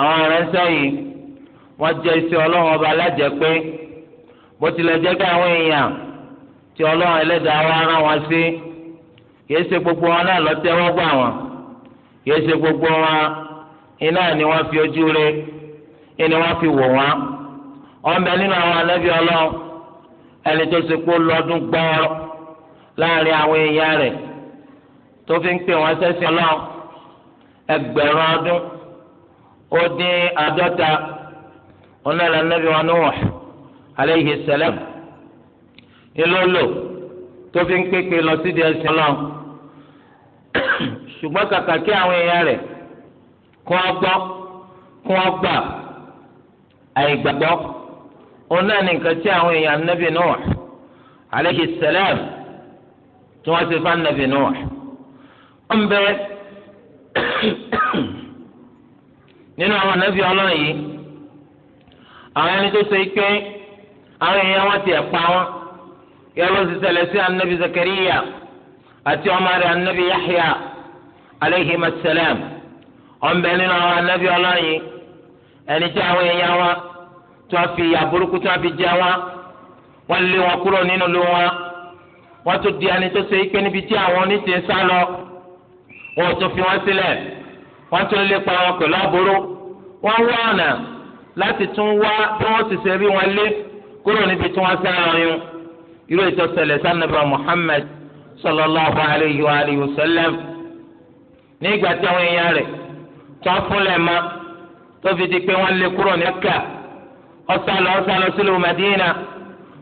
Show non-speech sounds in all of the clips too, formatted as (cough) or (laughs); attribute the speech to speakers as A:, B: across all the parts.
A: àwọn aránṣẹ́ yìí wọ́n jẹ́ iṣẹ́ ọlọ́run ọba alájẹ́ pé bó tilẹ̀ jẹ́ pé àwọn èèyàn tí ọlọ́run ẹlẹ́dàá wa rán wọn sí kìí ṣe gbogbo wọn náà lọ tẹ́wọ́ gbà wọn ṣe gbogbo wọn iná ni wọ́n fi ojú re ni wọ́n fi wò nínú àwọn ọlọ́run ẹni tó ṣe kó lọ́dún gbọ́ọ́rọ́ láàrin àwọn èèyàn rẹ̀ tó fi ń pè O dín àádọ́ta ọ̀nàlà nàbí wa Nuh alayhi salam ìlólò tó fi ń pépè lọ sí di ẹsẹ̀ lọ ṣùgbọ́n ọ gbọ́ kún ọ gbà àìgbàgbọ́ òun náà ní nǹkan nínú àwọn ànábì ọlọ́run yìí àwọn ẹni tó ṣe pé àwọn èèyàn wọn ti ẹ̀pa wọn yẹ́wọ́n ti ṣẹlẹ̀ sí ànábì Zakariya àti ọmọ rẹ̀ ànábì Yahya aleyhi masalam ọ̀nbẹ nínú àwọn ànábì ọlọ́run yìí ẹni tí àwọn èèyàn wọn tí wọ́n fi ìyà burúkú tí wọ́n fi jẹ wọn wọ́n lé wọn kúrò nínú ìlú wọn wọ́n tún di ẹni tó ṣe pé níbi tí àwọn oníṣẹ́ ń sá lọ wọ́n tún fi wọn sílẹ̀ wọ́n tún lépa wọn pẹ̀lú aburú wọ́n wá ọ̀nà láti tún wá bí wọ́n ti ṣe rí wọn lé kúrò níbi tí wọ́n sá wọn yún irú ètò ṣẹlẹ̀ sanaba Muhammad sallallahu alayhi wa alayhi wa sallam ní ìgbà tí àwọn èèyàn rẹ̀ tó fúnlẹ̀ ma tó fi di pé wọ́n lé kúrò ní Mẹ́kà ọ̀sálọ̀ ọ̀sálọ̀ sílùú Madina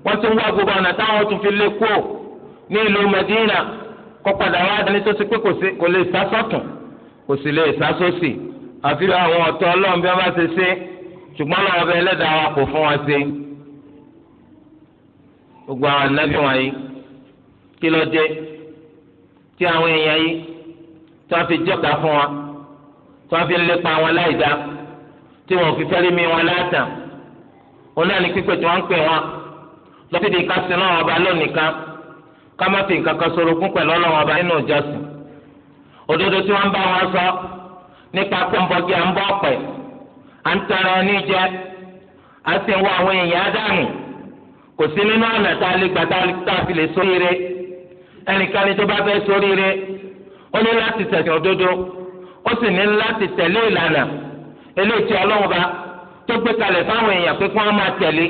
A: wọ́n tún wá gbogbo ọ̀nà táwọn tún fi lé kúrò ní ìlú Madina kó padà wá dání tó ti pé kò lè sá sọ́tún kò sì lè sásòsì àfi àwọn ọ̀tọ̀ ọlọ́run bí wọ́n bá ṣe ṣe ṣùgbọ́n àwọn ọbẹ̀ ẹlẹ́dàá wa kò fún wọn ṣe. gbogbo àwọn ànábì wọ̀nyí kí ló dé tí àwọn èèyàn yìí tí wọ́n fi jọ́ka fún wọn tí wọ́n fi ń lépa wọn láì dá tí wọ́n fi fẹ́rí mi wọn látàn òun náà ní pípẹ́ tí wọ́n ń pè wọn lọ́sídìí ká sin ọba lónìí kan ká má fi nǹkan kan sorogún pẹ̀lú ọlọ́run ọba nínú ìjọsìn òdodo tí wọ́n bá wọn sọ nípa pọ́ńpọ́gì à ń bọ́ ọ̀pẹ̀ à ń tẹ̀rẹ̀ ẹni jẹ à sì ń wọ àwọn èèyàn àdánù kò sí nínú ọ̀nà tá a lè gbà tá a fi lè sóríire ẹnìkan tó bá fẹ́ sóríire ó ní láti òdodo ó sì ní láti tẹ̀lé ìlànà eléyìí ọlọ́run bá tó gbé kalẹ̀ fáwọn èèyàn pé kí wọ́n máa tẹ̀lé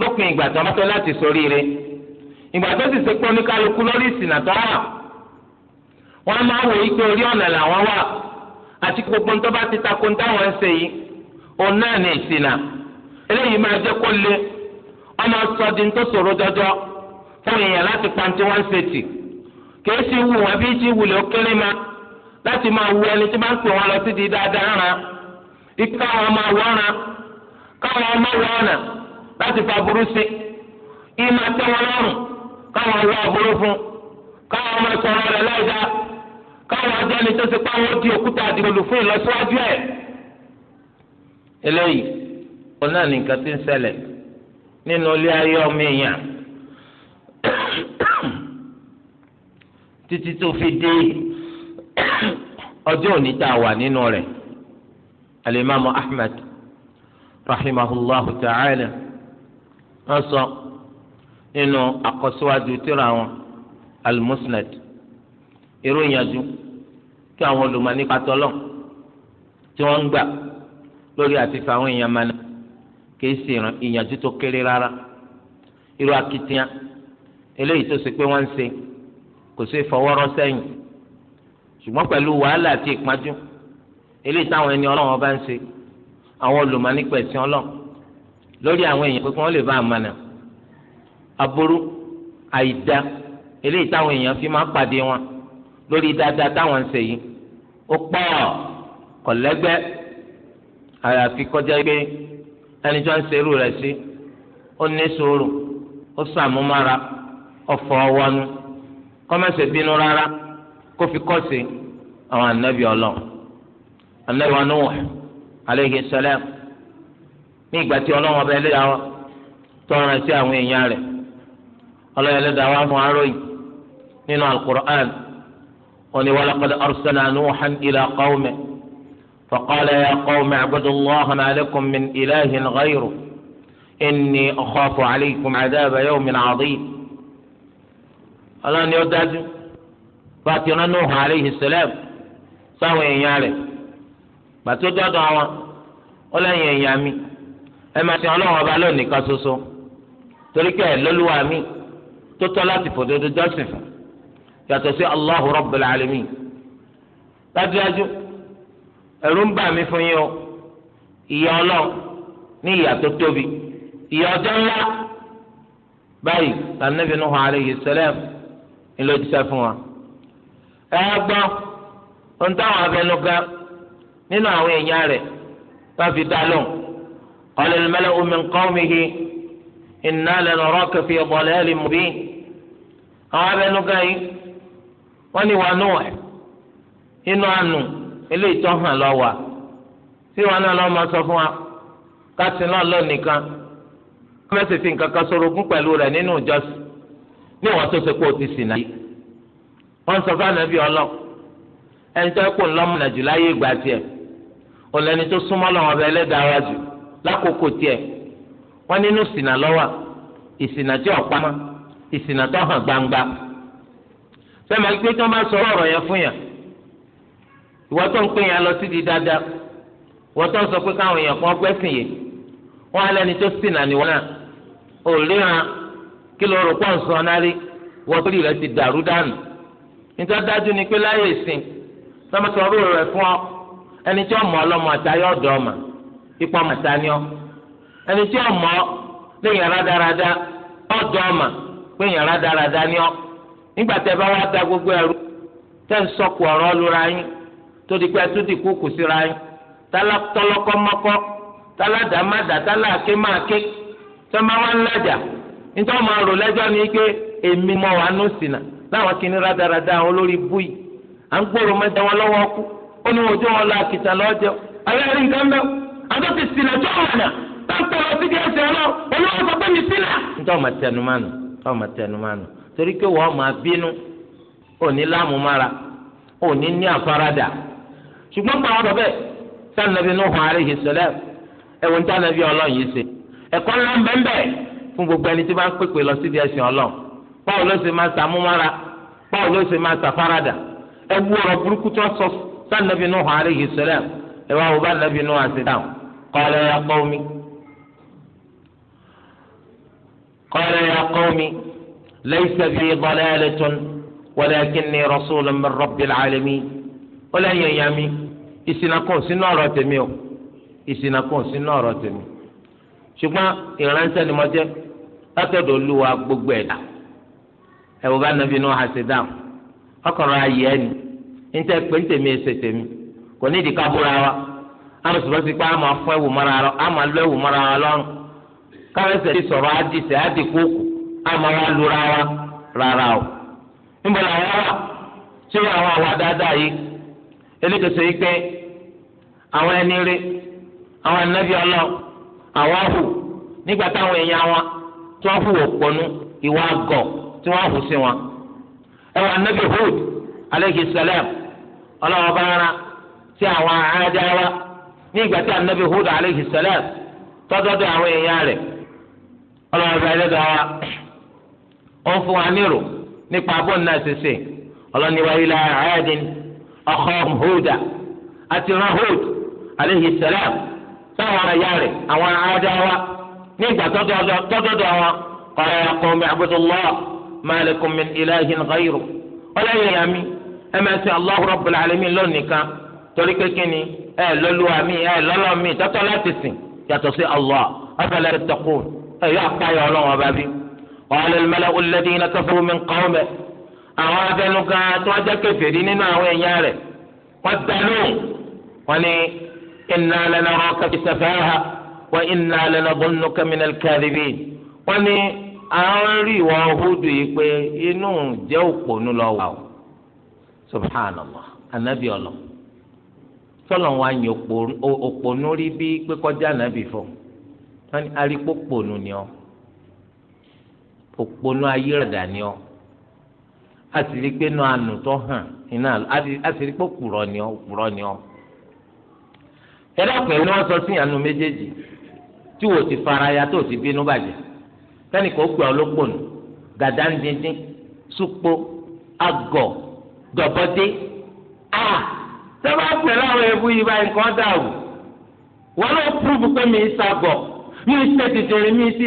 A: lópin ìgbà tó wọn máa wò ike pé orí ọ̀nà làwọn wà àti gbogbo ń tọ́ba ti takò ń táwọn ń ṣe yìí òun náà ní ìṣìnà eléyìí máa jẹ́ kó le ọmọ sọdí ń tó ṣòro jọjọ fún èèyàn láti pa tí wọ́n ń ṣe tì wù bí ti ókéré ma láti máa wù ẹni tí máa ń pè lọ sí di dáadáa ra ikú káwọn máa wọ́ ra káwọn ọmọ wọ́ ọ̀nà láti fa burú sí ìmọ̀ tẹ́wọ́n káwọn ọjọ́ ni tó ṣe pé àwọn di òkúta àdìgbòlù ụlọ ìlọsíwájú ẹ̀. eléyìí wọn náà ní nǹkan tí ń ṣẹlẹ̀ nínú ilé ayé ọmọ èèyàn (coughs) títí tó fi dé ọjọ́ òní tá a wà nínú rẹ̀ alimami ahmed rahimahullahu ta'ala sọ nínú àkọsíwájú irú ìyànjú kí àwọn olùmọ̀ nípa tọ́lọ̀ tí wọ́n ń gbà lórí àti fàwọn èèyàn mọ́nà kì í sì ìyànjú tó kéré rárá irú akitiyan eléyìí tó ṣe pé wọ́n ń ṣe kò sí fọwọ́rọ́ sẹ́yìn ṣùgbọ́n pẹ̀lú wàhálà àti ìpájú eléyìí táwọn ẹni ọlọ́wọ́n bá ń ṣe àwọn olùmọ̀ nípa ẹ̀sìn lórí àwọn èèyàn pé lè bá a mọ̀nà aburú àìda eléyìí táwọn èèyàn fi máa pàdé wọn lórí dáadáa táwọn ń ṣe yìí ó pọ̀ kọ̀lẹ́gbẹ́ àyàfi kọjá gbé ẹni tí wọ́n ń ṣerú rẹ̀ sí ó ní sùúrù ó sàmúmára ọ̀fọ̀ ọwọ́nu kọ́mẹ́sẹ̀ bínú rárá kó fi kọ́sì àwọn ànábì ọlọ́run ànábì wa Nuh alayhi salam ní ìgbà tí ọlọ́run ọba wa sí àwọn èèyàn wa fún aróyìn nínú قل ولقد أرسلنا نوحا إلى قومه فقال يا قوم اعبدوا الله ما لكم من إله غيره إني أخاف عليكم عذاب يوم عظيم ọlọ́run ni ó dájú fati ọlọ́nùhùn aleyhi sẹlẹ̀m sáwọn èèyàn rẹ̀ gbàtó dọ́dọ̀ àwọn ó lẹ́yìn èèyàn mi ẹ máa ti ọlọ́run ọba lónìí kan ṣoṣo torí pé ẹ lọ́lúwa mi tó tọ́ láti fòdodo jọ́sìn fún yàtọ̀ sí Allahu Rabbul Alamin dájúdájú ẹ̀rù ń bà mí fún yín o ìyà ọlọ́ọ̀ ní ìyà tó tóbi ìyà ọjọ́ ńlá báyìí lànàbì Nuhu alayhi salam ńlọ jíṣẹ́ fún wa. ẹ gbọ́ ohun táwọn abẹnuga nínú àwọn èèyàn rẹ̀ bá fi dá lóhùn qalal mala'u min qawmihi inna lanaraka fi dalalin mubin. àwọn abẹnuga yìí. wọ́n ní wa nù ẹ̀ inú ànú eléyìí tó hàn lọ wà tí wọn náà lọ́ọ́ máa sọ fún wa káàtì náà lọ nìkan mẹ́sì fi nǹkan kan sorogún pẹ̀lú rẹ̀ nínú ìjọsìn ní tó ṣe pé o ti sìn náà yìí sọ fún ẹni tó kù tó jù lákòókò nínú tí tó hàn gbangba. sẹ́mi àgbẹ̀ tí wọ́n bá sọ ọ̀rọ̀ yẹn fún yàn ìwọ tó ń pè yàn lọ sí di dáadáa ìwọ tó ń sọ pé káwọn èèyàn kan gbẹ́sìn yìí wọ́n á lẹ́ni tó sì nàní wọn náà ò ríran kí ló rò pọ̀ ń sọ náà rí ìwọ tó rí rẹ ti dàrú dànù nítorí dájú ni pé láyé ìsìn sọ́mọ́ sọ ọ̀rọ̀ rẹ fún ọ ẹni tí ọmọ ọlọ́mọ àtayọ́ ọ̀dọ́ ọmọ ipò ọmọ àtaniọ́ ẹni tí ọmọ lẹ́yìn rádaràda ọ̀dọ́ ọmọ nígbà tẹ́ bá wá da gbogbo ẹrú tẹ́ ń sọkù ọ̀rọ̀ lura yín tó di pé ẹtú dìkú kù síra yín tálá tọlọkọ tálá dàmádà tálá àké máa ké tẹ́ máa wá ńlájà rò lẹ́jọ́ ni pé èmi mọ wà nù sínà láwọn kìíní rádaràda àwọn olórí búyì à ń gbòòrò mẹ́ta wọn ọkú ó ní ojú wọn lọ àkìtà nǹkan ti tó tó ń tọrọ sí torí pé wọ́n máa bínú òní lámùmára òní ní àfaradà ṣùgbọ́n pa ọ̀rọ̀ bẹ́ẹ̀ sànàbí Nuhu alayhi salam ẹ̀wọ̀n tànàbí ọlọ́run yìí ṣe ẹ̀kọ́ ńlá ń bẹ́ẹ̀ bẹ́ẹ̀ fún gbogbo ẹni tí bá ń pèpè lọ síbi ẹ̀sìn ọlọ́run báwo ló ṣe máa sàmúmára báwo ló ṣe máa sàfaradà ọ̀rọ̀ burúkú ليس بي ضلالة ولكني رسول من رب العالمين ولا يامي ìṣìnàkùn sínú ọ̀rọ̀ tèmi o ìṣìnàkùn sínú ọ̀rọ̀ tèmi ṣùgbọ́n ìránṣẹ́ ni mo jẹ́ látọ̀dọ̀ olúwa gbogbo ẹ̀dá ẹ̀wọ̀n bá nàbí inú àṣìdá ọkọ̀rọ̀ ayé ẹni níta pé ntèmi ẹsẹ̀ tèmi kò ní amara lu rárá rara o níbo làwọn wà ṣé àwọn àwa dáadáa yìí elékèsè yìí pé àwọn ẹni rí àwọn ànábì ọlọ àwọn hù nígbà táwọn èèyàn wọn tí wọn ìwà àgọ tí wọn hù sí wọn ẹwà Hud aleyhi salam ọlọ́wọ́ bá rán sí àwọn àádáwa ní ìgbà tí Hud aleyhi àwọn ó ń fún wa nírò nípa abóun náà ṣe ṣe ọlọ́ni wa ilẹ̀ àádín ọkọ̀ hóòdà àti ran hóòd aleyhi salam sáwọn ará ya rẹ̀ àwọn adáwa ní ìgbà tọ́jọ́dọ̀ wọn ọ̀rẹ́ ẹ̀kọ́ mi àbúrò lọ́wọ́ malikum min ilahin ghayru ọlọ́yin yàmi ẹ máa ṣe Allahu rabbul alamin lónìí kan torí kékeré ni ẹ lọ́lúwa mi ẹ lọ́lọ́ mi tọ́tọ́ láti sìn yàtọ̀ sí Allah afala tattaqun ẹ yọ àpáyọ ọlọ́wọ́n bá bí. قال الملأ الذين كفروا من قومه àwọn abẹnugan tí wọ́n jẹ́ kèfèrí nínú àwọn èèyàn rẹ̀ wọ́n dànù wọ́n ní inna lanaraka fi safaha wa inna lanadhunnuka minal kadhibin wọ́n ní àwọn rí ìwọ Húdù yìí pé inú jẹ́ òpònú lọ wà o subhanallah anabi ọlọ sọlọ wa yin òpònú rí bí pé kọjá anabi fọ wọ́n ní arípò pònú ni ọ. òpónú ayé rẹ̀dà ni ọ́ a sì rí pé inú àánú tó hàn iná a sì rí pé òpùrọ̀ ni ọ́ òpùrọ̀ ni ọ́ ẹlẹ́pẹ̀ẹ́ ni wọ́n sọ sí ìyanu méjèèjì tí wò ti fara ya tó ti bínú bàjẹ́ tẹ́nìkan ó gbé ọ lópònú súpó agọ̀ dọ̀bọ́dé a sábà pẹ̀lú àwọn ẹbú yìí báyìí nǹkan dà wù wọ́n lọ púrúfù pé mi ń sagọ̀ mi ń ṣe tètèrè mi ń sì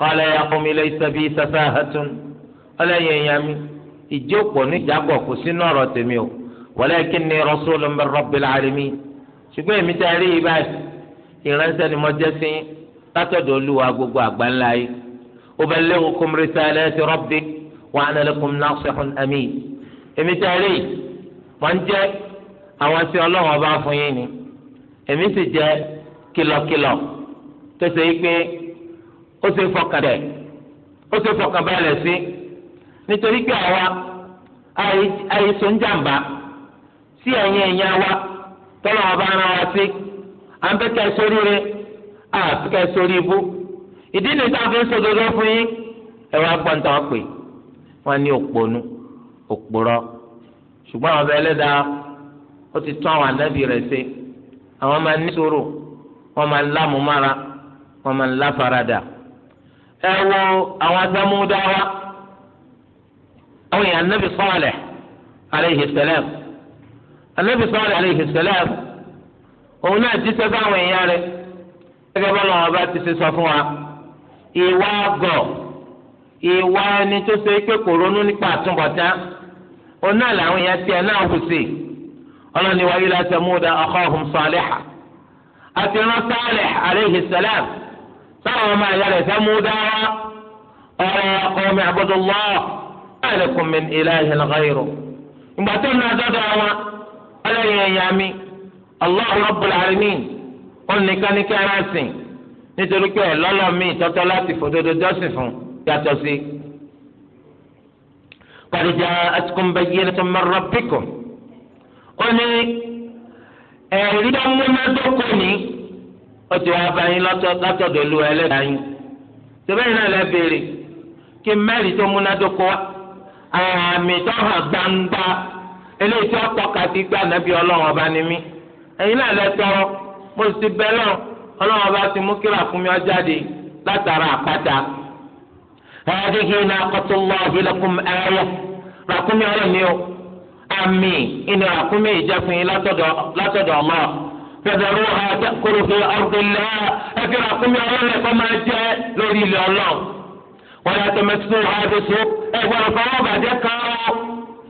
A: qala ya qawmi laysa bi safahatun ọlẹ́yìn èèyàn mi ìjókòó níjàgbọ̀ kò sínú ọ̀rọ̀ tèmi o walakinni rasulun min rabbil alamin ṣùgbọ́n èmi tẹ́ rí i báyìí ìránṣẹ́ ni mo jẹ́ sí látọ̀dọ̀ olúwa gbogbo àgbáńlá yìí uballighukum risalati rabbi wa ana lakum nasihun amin èmi tẹ́ rí i mo ń jẹ́ àwọn tí ọlọ́run ọba fún yín ni èmi sì jẹ́ kìlọ̀kìlọ̀ tó ṣe é pé ó ṣe fọkàn tẹ̀ ó ṣe fọkàn balẹ̀ sí nítorí pé àwa àìsàn jàǹbá sí ẹ̀yìn ẹ̀yìn wa tọ́lọ́ ọba ara wa sí à ń bẹ́ kẹ́ sórí rẹ à ń bẹ́ kẹ́ sórí ibú ìdí ni táwọn fi ń sọdodo fún yín ẹ wá gbọ́n tó pè wọ́n ní òpònú òpòrọ́ ṣùgbọ́n àwọn ọba ẹlẹ́dàá ó ti tún àwọn ànábì rẹ̀ ṣe àwọn máa ní sùúrù wọ́n máa ń lámúmára wọ́n máa ń láfaradà. ẹ wo àwọn wa? àwọn èèyàn anabi Salih aleyhi salam anabi Salih aleyhi salam òun náà jíṣẹ́ báwọn èèyàn rẹ̀ gẹ́gẹ́ bọ́lá wọn bá ti ṣe sọ fún wa ìwà gọ̀ ìwà ẹni tó ṣe pé kò ronú nípa àtúbọ̀tán òun náà làwọn èèyàn tiẹ̀ náà wù sí ọlọ́ni Saliha
B: àti rán aleyhi
A: sáwọn ọmọ àyà rẹ̀ Samuda ọ̀rọ̀ ọmọ àbọ̀dọ̀lọ́ àlẹkùn mi ilá ìhìnlẹ̀ ghayru. ìgbà tó ní adọ́dọ̀ wọn ọlọ́yìn ẹ̀yà mi Allahu Rabbul Alamin ònìkaníkẹ́ ara sìn nítorí pé ẹ̀ lọ́lọ́ mi tọ́tọ́ láti fòdodo jọ́sìn fún yàtọ̀ sí. qad ja'atkum bayyinatun min rabbikum. ó ní ẹ̀rí ọmúnádókò ní. ó ti wá bá yín látọ̀dọ̀ lu ẹlẹ́dàá yín tẹ́lẹ̀ náà lẹ́ béèrè kí mẹ́rin tó múnádóko wá àmì tó hàn gbangba eléyìí tó tọ́ka sí gbà nàbí ọlọ́run ọba ni mí ẹ̀yin náà lẹ́ tọrọ mo sì bẹ́ lọ ọlọ́run ọba ti mú kíra fún mi látara àpáta. tẹ̀sẹ̀rúhà tẹ̀kúrú fi ọ̀gbìnlá ẹ̀fẹ̀ àkúnmí ọlọ́lẹ̀ kọ́ máa jẹ́ lórí ilẹ̀ ọlọ́run. wọ́n yà tẹ̀mẹ́ tó ha ti so ẹ̀gbọ́n fọwọ́ bàjẹ́ kárọ́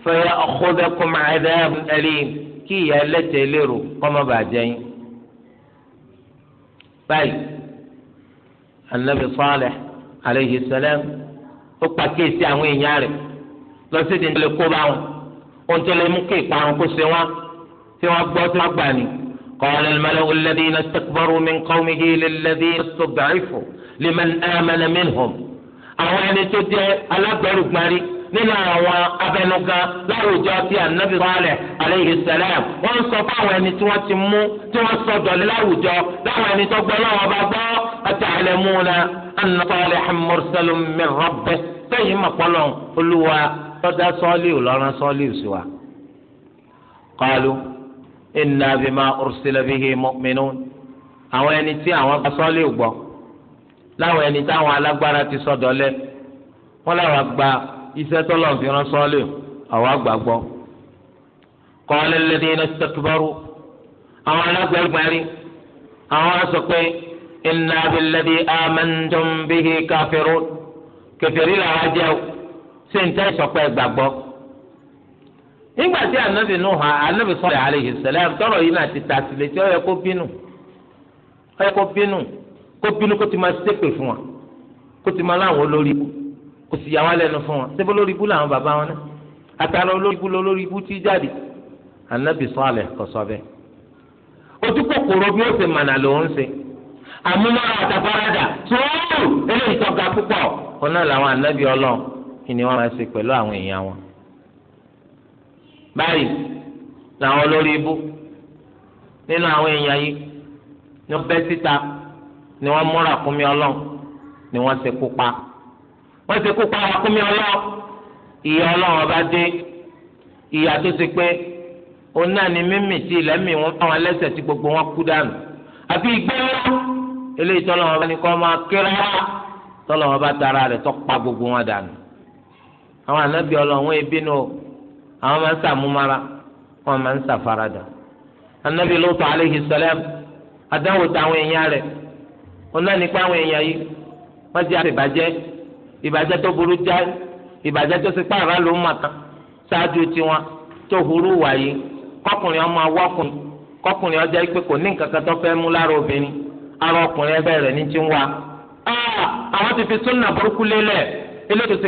A: fẹ̀yà ọ̀kọ́dẹ́kùn máa dẹ́ ẹ̀rí kí ìyá ẹlẹ́tẹ̀ẹ́ lérò kọ́ má bàjẹ́ yín. báyìí anabi Salih alayhi salam ó pa kéèsì àwọn èèyàn rẹ̀ lọ sí ìdílé kó bá wọn ohun tó lè mú kí ìparun kó ṣe wọn tí wọ́n gbọ́ tí wọ́n gbà nìyí. قال الملأ الذين استكبروا من قومه للذين استضعفوا لمن آمن منهم àwọn ẹni tó jẹ́ alágbẹrùgbárí nínú àwọn abẹnugan láwùjọ tí anabi sọlẹ aleyhi sẹlẹm wọ́n sọ fáwọn ẹni tí wọ́n ti mú tí wọ́n sọ dọlẹ láwùjọ láwọn ẹni tó gbọ́ lọ́wọ́ bá gbọ́ ọtí àlẹmúna anna salihan mursalun min rabbih sẹyìn mọpọlọ olúwa tọdá sọlẹ ò lọrọ sọlẹ ò sí wa. qalu inna bima ursila bihi mu'minun àwọn ẹni tí àwọn sọ́ọ́lì gbọ́ láwọn ẹni táwọn alágbára ti sọ̀dọ̀ lẹ wọ́n làwọn gba iṣẹ́ tọ́lọ̀ fi rán sọ́ọ́lì àwọn àgbàgbọ́ qala alladhina istakbaru àwọn alágbàgbárí àwọn á sọ pé inna billadhi amantum bihi kafirun kẹfẹ́rì làwọn jẹ́ sí ní tẹ́ ìsọ̀pẹ́ gbàgbọ́ nígbà tí anabi nù hàn anabi sọ̀rọ̀ alayhi salam tọrọ yìí náà ti ta sílẹ̀ tí ó yẹ kó bínú ó yẹ kó bínú kó bínú kó ti máa ṣépè fún wa kó ti máa láwọn olórí ibú kò sì yà wá lẹ́nu fún wa sébó lórí ibú làwọn bàbá wọn náà àtàrà olórí ibú lórí ibú tí jáde anabi sọ̀rọ̀ kò sọ bẹ́ẹ̀ ojú kòkòrò bí ó ṣe mànà ló ń ṣe àmúmọ́ àtàfáradà tóóró eléyìí tọ́ga púpọ̀ ọ̀nà làwọn anabi ọlọ́ọ̀ kí ni wọ́n máa ṣe pẹ̀lú àwọn èèyàn wọn. báyìí làwọn olórí ibú nínú àwọn èèyàn yìí ní wọ́n bẹ́ síta ni wọ́n múra kúnmí ọlọ́run ni wọ́n ṣe kópa wọ́n ṣe kópa pa ọlọ́run ọba dé ìyà tó ṣe pé òun náà ni mímì tí mi fáwọn ẹlẹ́sẹ̀ tí gbogbo wọn kú dànù ìgbẹ́ eléyìí tọ́lọ́wọ́n bá ní kọ́ máa tara rẹ̀ tọ́ gbogbo wọn dànù àwọn àwọn máa ń sàmúmára wọn máa ń sàfaradà anabi lóòótọ́ aleyhi sẹlẹm adáwò táwọn èèyàn rẹ̀ wọn náà nípa àwọn èèyàn yìí wọ́n jẹ́ àtìbàjẹ́ ìbàjẹ́ tó burú tó ti pààrà ló ń màkà ṣáájú tiwọn tó hurú wàyí kọkùnrin ọmọ awọ́kùnrin kọkùnrin ọjà pé kò ní nǹkan kan tó fẹ́ mú lára obìnrin ara ọkùnrin ẹgbẹ́ rẹ̀ ní ti ń wá. Ah! àwọn ti fi súnà burúkú lélẹ̀ eléyìí tó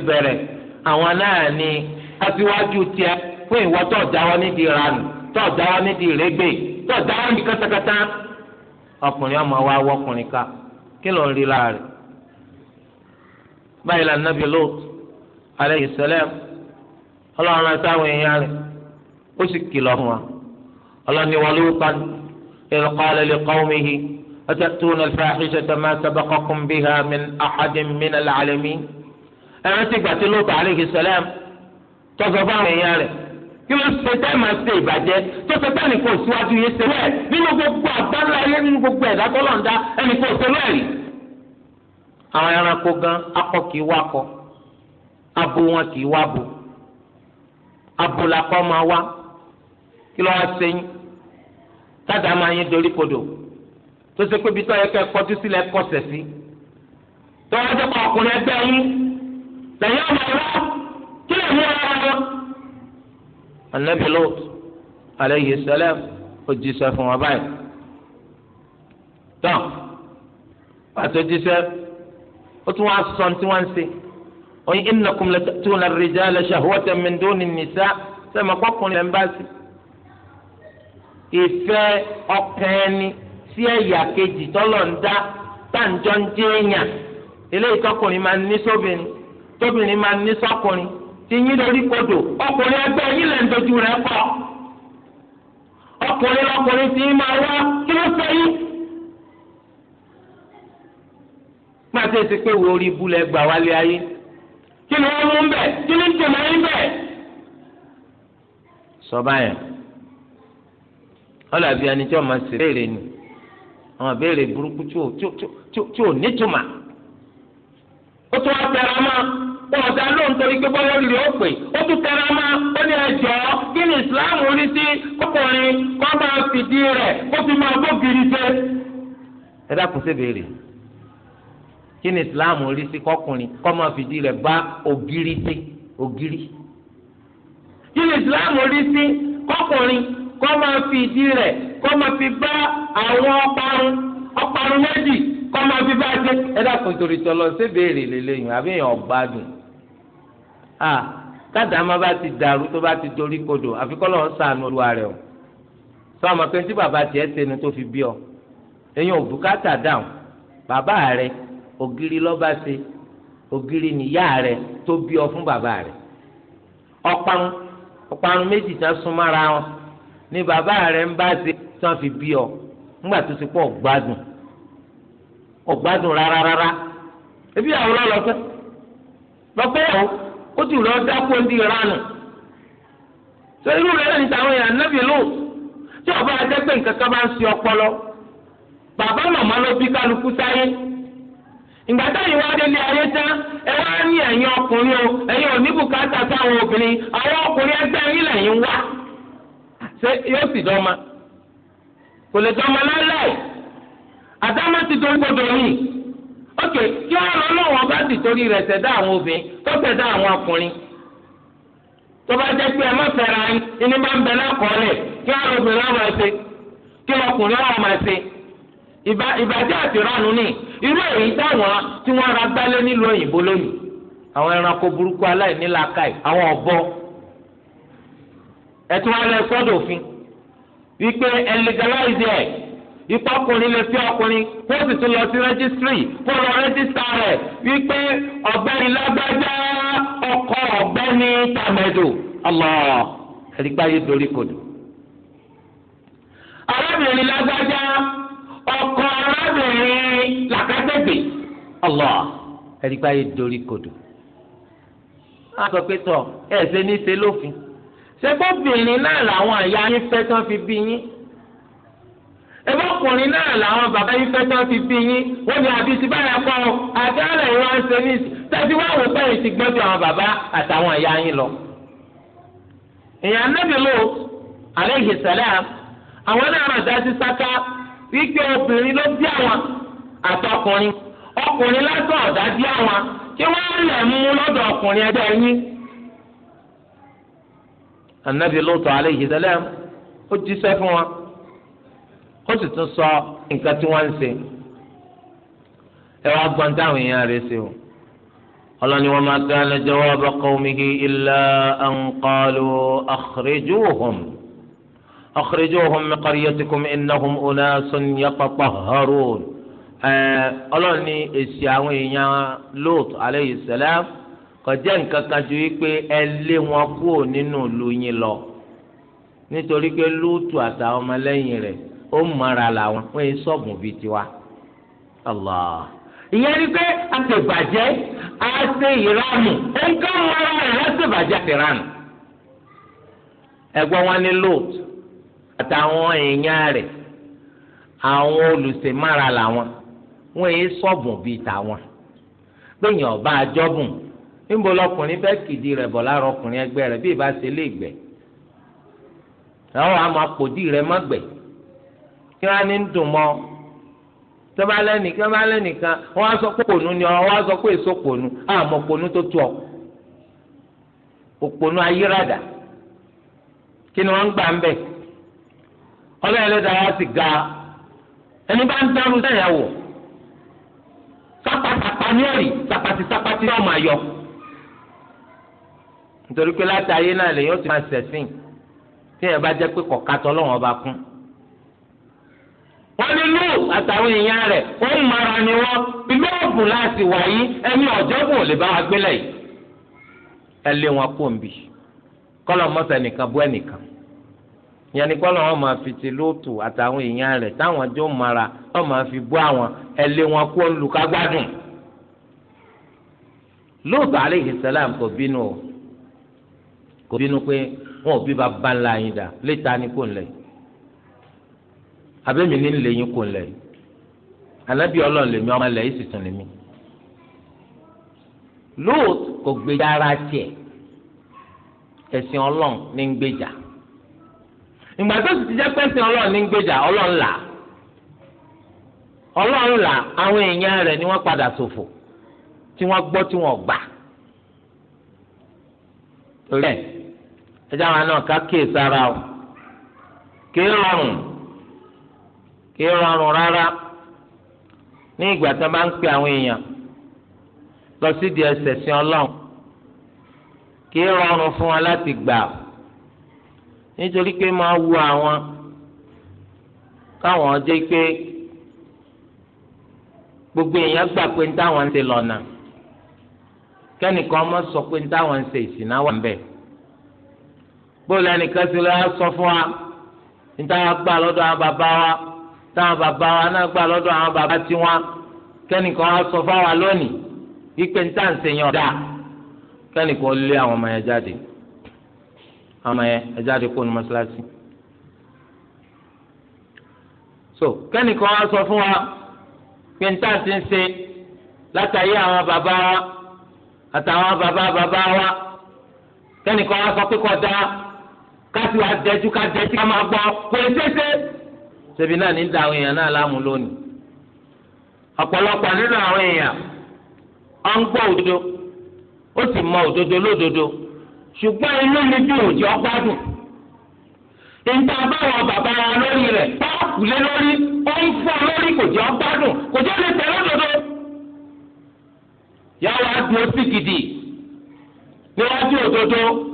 A: ti aṣíwájú tiẹ̀ fún ìwọ tó dáwọ́ nídìí ìranù tó dáwọ́ nídìí ìrégbè tó dáwọ́ nídìí kátàkátà ọkùnrin ọmọ wa wọ ọkùnrin ká kí ló ń rí lára rẹ̀ báyìí lànà nàbì Lóòt alayhi salam ọlọ́run rẹ̀ sáwọn èèyàn rẹ̀ ó sì kìlọ̀ fún wa ọlọ́ni walutan idh qala li qawmihi atatuna al-fahishata sabaqakum biha min ahadin min al-alamin ti gbàtí Lóòt alayhi salam tọ́sọ fún àwọn èèyàn rẹ̀ kí ló ṣe tẹ́ máa ṣe ìbàjẹ́ tó ṣe tẹ́ nìkan síwájú yìí ṣe wẹ́ẹ̀ nínú gbogbo àgbáńlá ayé nínú gbogbo ẹ̀dá tọ́lọ́ǹda ẹnìkan ṣe wẹ́ẹ̀ rí. àwọn ẹranko gan akọ kì í wá akọ abo wọn kì í wá bo abo làkọ máa wá kí ló wá sẹ́yìn tádàá máa yín dorí kodò tó ṣe pé bitọ́ yẹ kọjú sílẹ̀ kọsẹ̀ sí tọ́wọ́
B: lè mú ara wọn.
A: anabi Lut aleyhi salam ó jíṣẹ́ fún wọn báyìí. tán pàtó jíṣẹ́ ó tún wá sọ tí wọ́n ń ṣe oyin innakum latatuna ar-rijala shahwatan min duni an-nisa sẹ́mi ọkọkùnrin lẹ́nu bá sí. ìfẹ́ ọkàn ẹni sí ẹ̀yà kejì tọ́lọ̀ ń dá táǹjọ́ ń jẹ́ èèyàn eléyìí tọkùnrin máa ń ní sóbìnrin tóbìnrin máa ń ní sọ́kùnrin ti yín lórí kodò ọkùnrin ẹgbẹ́ yín lẹ́ ń dojú rẹ̀ ọkùnrin ti máa wá kí ló fẹ́ yín. pàṣẹ ti pé wo orí ibùlẹ̀ gbà wálé ayé
B: kí ni wọ́n mú bẹ́ẹ̀ kí ni tèmọ́ yín
A: bẹ́ẹ̀. ọlọ́àbí ẹni tí wọ́n máa béèrè ni àwọn béèrè burúkú tí ọ̀dà ló ń torí pé bọ́lá rírì ó pè ó tún tẹra mọ́ ó ní ẹjọ́ kí ni ìsìláàmù rí sí ọkùnrin kọ́ máa fìdí rẹ̀ kó fi máa gbógiri ṣe. ẹ dákun sí ìbéèrè kí ni ìsìláàmù rí sí kọkùnrin kọ́ máa fìdí rẹ̀ bá ògiri ṣe ògiri. kí ni ìsìláàmù rí sí kọkùnrin kọ́ máa fìdí rẹ̀ kọ́ máa fi bá àwọn ọparun ọparun méjì kọ́ máa fi bá ṣe. ẹ dákun torí tọ́lọ sí ìbéèrè lélẹ́yìn àbí èèyàn ọ̀gbádùn a kádàámá bá ti dàrú tó bá ti dorí kodò àfi kọ́ sànù olúwa rẹ̀ o sọ ma pé tí bàbá tiẹ̀ sẹnu tó fi bí ọ ẹ̀yin ò bùkátà dáhùn bàbá rẹ̀ ògiri lọ́ba ṣe ògiri níyà rẹ̀ tó bí ọ fún bàbá rẹ̀ ọparun ọparun méjì tán súnmọ́ra wọn ni bàbá rẹ̀ ń bá ṣe tí wọ́n fi bí ọ ńgbà tó ti pọ̀ gbádùn ọgbádùn rárá rárá ebi àwọn ọlọ́lọ́fẹ́ lọ́pẹ́ yàwó. ó ti lọ ndị ní ìranù ṣé irú rẹ̀ náà ní tàwọn èèyàn nábì lò tí ọba àjẹpẹ́ nǹkan kan bá ń ṣe ọpọlọ bàbá màmá ló bí kálukú sáyé ìgbà táyìn wá délé ayé tán ẹ wá ní ẹ̀yin ọkùnrin o ẹ̀yin ò ní obìnrin àwọn ọkùnrin ẹgbẹ́ yín lẹ́yìn wá ṣé yóò sì ok kí ọ̀rọ̀ ọlọ́wọ́n bá dì torí rẹ̀ ṣẹ̀dá àwọn obìnrin tó ṣẹ̀dá àwọn ọkùnrin tó bá jẹ́ pé ẹ má fẹ́ra yín ní bá ń bẹ lákọọ́lẹ̀ kí ọ̀rọ̀ obìnrin ọ̀rọ̀ ṣe kí ọkùnrin ọ̀rọ̀ máa ṣe ìbàjẹ́ àti ránu ní irú èyí táwọn tí wọ́n ra gbálẹ́ nílùú òyìnbó lónìí àwọn ẹranko burúkú aláìníláàkàì àwọn ọ̀bọ ẹ̀tún alẹ́ sọ́dọ̀ òfin wípé legalize ẹ̀ ipò ọkùnrin lè fi ọkùnrin kó o sì tún lọ sí rẹ́gísírì kó o lọ rẹ́gísítà rẹ̀ wípé ọ̀gbẹ́ni lágbájá ọkọ ọ̀gbẹ́ni tàmẹ̀dò ọlọ́ ẹ̀rígbáyé dorí kodò. arábìnrin lágbájá ọkọ arábìnrin làkàtẹ́gbẹ̀ ọlọ́ ẹ̀rígbáyé dorí kodò. a sọ pé tọ ẹ ṣe ní ṣe lófin ṣé bóbìnrin náà làwọn àyà yín fẹ́ tán fi bí yín ẹgbẹ́ ọkùnrin náà làwọn bàbá yìí fẹ́ tán ti fi yín wọ́n ní àbí ti báyà kọ́ ọ àti àlẹ́ ìwà ń ṣe ní tẹ́tí wọ́n wò pé èyí ti gbọ́n ju àwọn bàbá àtàwọn ìyá yín lọ. èèyàn anábìlò alayhi salam àwọn náà rà dá sí sáká wípé obìnrin ló bí àwọn àtọkùnrin ọkùnrin lásán ọ̀dá bí àwọn kí wọ́n lè mú lọ́dọ̀ ọkùnrin ẹgbẹ́ yín. anábìlò tó alayhi salam ó jíṣẹ́ fún wọn ó sì tún sọ nǹkan tí wọ́n ń ṣe ẹ wá gbọ́n táwọn èèyàn rẹ̀ ṣe o ọlọ́ni wọn máa kana jawaba qawmihi illa an qalu akhrijuhum akhrijuhum min qaryatikum innahum unasun yatatahharun ẹ ọlọ́ni èsì àwọn èèyàn Lut alayhi salam kọjá nǹkan kan ju wípé ẹ lé wọn kúrò nínú ìlú yín lọ nítorí pé Lútù àtàwọn ọmọlẹ́yìn rẹ̀ ó mara làwọn wọ́n yé sọ́ọ̀bù bíi tiwa. ìyẹn ni pé a ti a ti rẹ̀ láti bàjẹ́ ẹ̀gbọ́n wọn ní lot àtàwọn èèyàn rẹ̀ àwọn olùṣèmára làwọn wọ́n yé sọ́ọ̀bù bíi tàwọn gbẹ̀yìn ọba àjọ́bùn níbo lọkùnrin fẹ́ kìdí rẹ̀ bọ̀ lára ọkùnrin ẹgbẹ́ rẹ̀ bí ìbá lè gbẹ̀. àwọn àmọ́ àpòdì rẹ̀ má kí wọ́n á ní dùn mọ́ tọ́balẹ́nì kí wọ́n bá lẹ́nìkan wọ́n á sọ pé òpònú ni ọ wọ́n á sọ pé èso òpònú àmọ́ òpònú tó tù ọ òpònú ayírádà kí ni wọ́n ń gbà ń bẹ̀ ọlọ́run ẹlẹ́dàá sì ga ẹni bá ń dárú sẹ́yà wò sápàtàpà ní ẹ̀rì sápàtì sápàtì náà máa yọ nítorí pé láti ayé náà lèyìn ó ti máa ṣẹ̀sìn tí èèyàn bá jẹ́ pé kọ̀ọ̀ká tọ́lọ́wọ́n ọba kún wọ́n ní lù àtàwọn èèyàn rẹ̀ ó ń mara ni wọ́n ìlú ọ̀gùn láti wáyé ẹni ọ̀jọ́gùn ò lè bá wa gbélé yìí. ẹ lé wọn kó nbì kọ́lọ̀ mọ́tò ẹnìkan bú ẹnìkan ìyẹn ni kọ́lọ̀ wọn máa fi ti lóòtù àtàwọn èèyàn rẹ̀ táwọn jọ ń mara wọn máa fi bú àwọn ẹ lé wọn kó olùkágbádùn. lóòtù aleyhi salam kò bínú kò bínú pé wọn ò bí bá bá ńlá yín dà létà ní kò ń lẹ́yìn abẹ́mi ní lẹ́yìn kò lẹ̀ anabi ọlọ́run lèmi ọmọ lẹ́yìn sì tún lèmi lóòt kò gbèjà ara tiẹ̀ ẹ̀sìn ọlọ́run ní ń gbèjà ìgbà tó sì ti jẹ́ pé ẹ̀sìn ọlọ́run ní ń gbèjà ọlọ́run là ọlọ́run là àwọn èèyàn rẹ̀ ni wọ́n padà ṣòfò tí wọ́n gbọ́ tí wọ́n gbà rẹ̀ ẹ̀jẹ̀ àwọn náà ká kíyèsára o kí rọrùn kì í rọrùn rárá ní ìgbà tí wọn bá ń pè àwọn èèyàn lọ sí di ẹsẹ̀ sí ọlọ́run kì í rọrùn fún wọn láti gbà nítorí pé máa wu àwọn káwọn jẹ́ pé gbogbo èèyàn gbà pé ń táwọn ń ṣe lọ́nà kẹ́nìkan mọ́ sọ pé ń táwọn ń ṣe ìsìn náà wà ń bẹ̀ bóòlù ẹnìkan ti lọ́ọ́ sọ fún wa ń táwọn gbà lọ́dọ̀ àwọn bàbá wa táwọn bàbá wa náà gbà lọ́dọ̀ àwọn bàbá tiwọn kẹ́nìkan á sọ fáwa lónìí wípé ń tàn sèyàn dáa kẹ́nìkan lé àwọn ọmọ yẹn jáde àwọn ọmọ yẹn jáde kó nu mọ́ṣáláṣí. so kẹ́nìkan á sọ fún wa pé ń tàn sí ń ṣe látàyé àwọn bàbá wa àtàwọn bàbá bàbá wa kẹ́nìkan á sọ pé kọ́ da káfíwá dẹ́jú ká dẹ́jú ká máa gbọ́ kò ní ṣeéṣe. ṣebí náà ní da àwọn èèyàn náà láàmú lónìí ọ̀pọ̀lọpọ̀ nínú àwọn èèyàn ọ̀ ń gbọ́ òdodo ó sì mọ òdodo lódodo ṣùgbọ́n inú mi bí òjì ọgbádùn nígbà báwọn bàbá wa lórí rẹ̀ páàkù lé lórí ó ń fọ́ lórí kò jẹ́ ọgbádùn kò jẹ́ lè tẹ̀ lódodo yàrá dùn ó sì gidi níwájú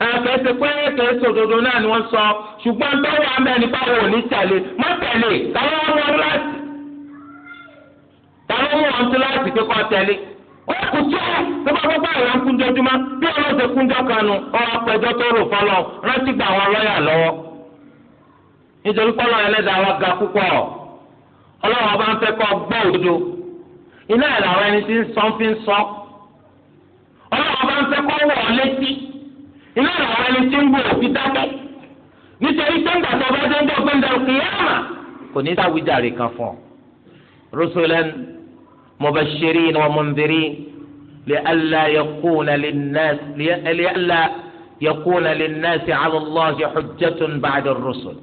A: kẹsẹ̀ pé kẹsẹ̀ òdodo náà ni wọn sọ ṣùgbọ́n bẹ́ẹ̀ wà mẹ́rin báwo ò ní tẹ̀lé má tẹ̀lé táwọn ọmọ wọn láti táwọn ọmọ wọn tó láti ó kù tó tó bá gbọ́dọ̀ àwọn kúndójúmọ́ bí wọ́n ṣe kanu ọwọ́ pẹjọ tó rò sọ fi iná làwọn ẹni tí ń gbò fi dákẹ́ nítorí pé ńgbà tó bá dé ń bọ̀ pé ń darúkú yáàmà kò ní sáwìjàre kan fún ọ. rusulan mubashirin wa mundirin li'alla yakuna lin-nas li'alla yakuna lin-nas 'ala Allahi hujjatun ba'da ar-rusul.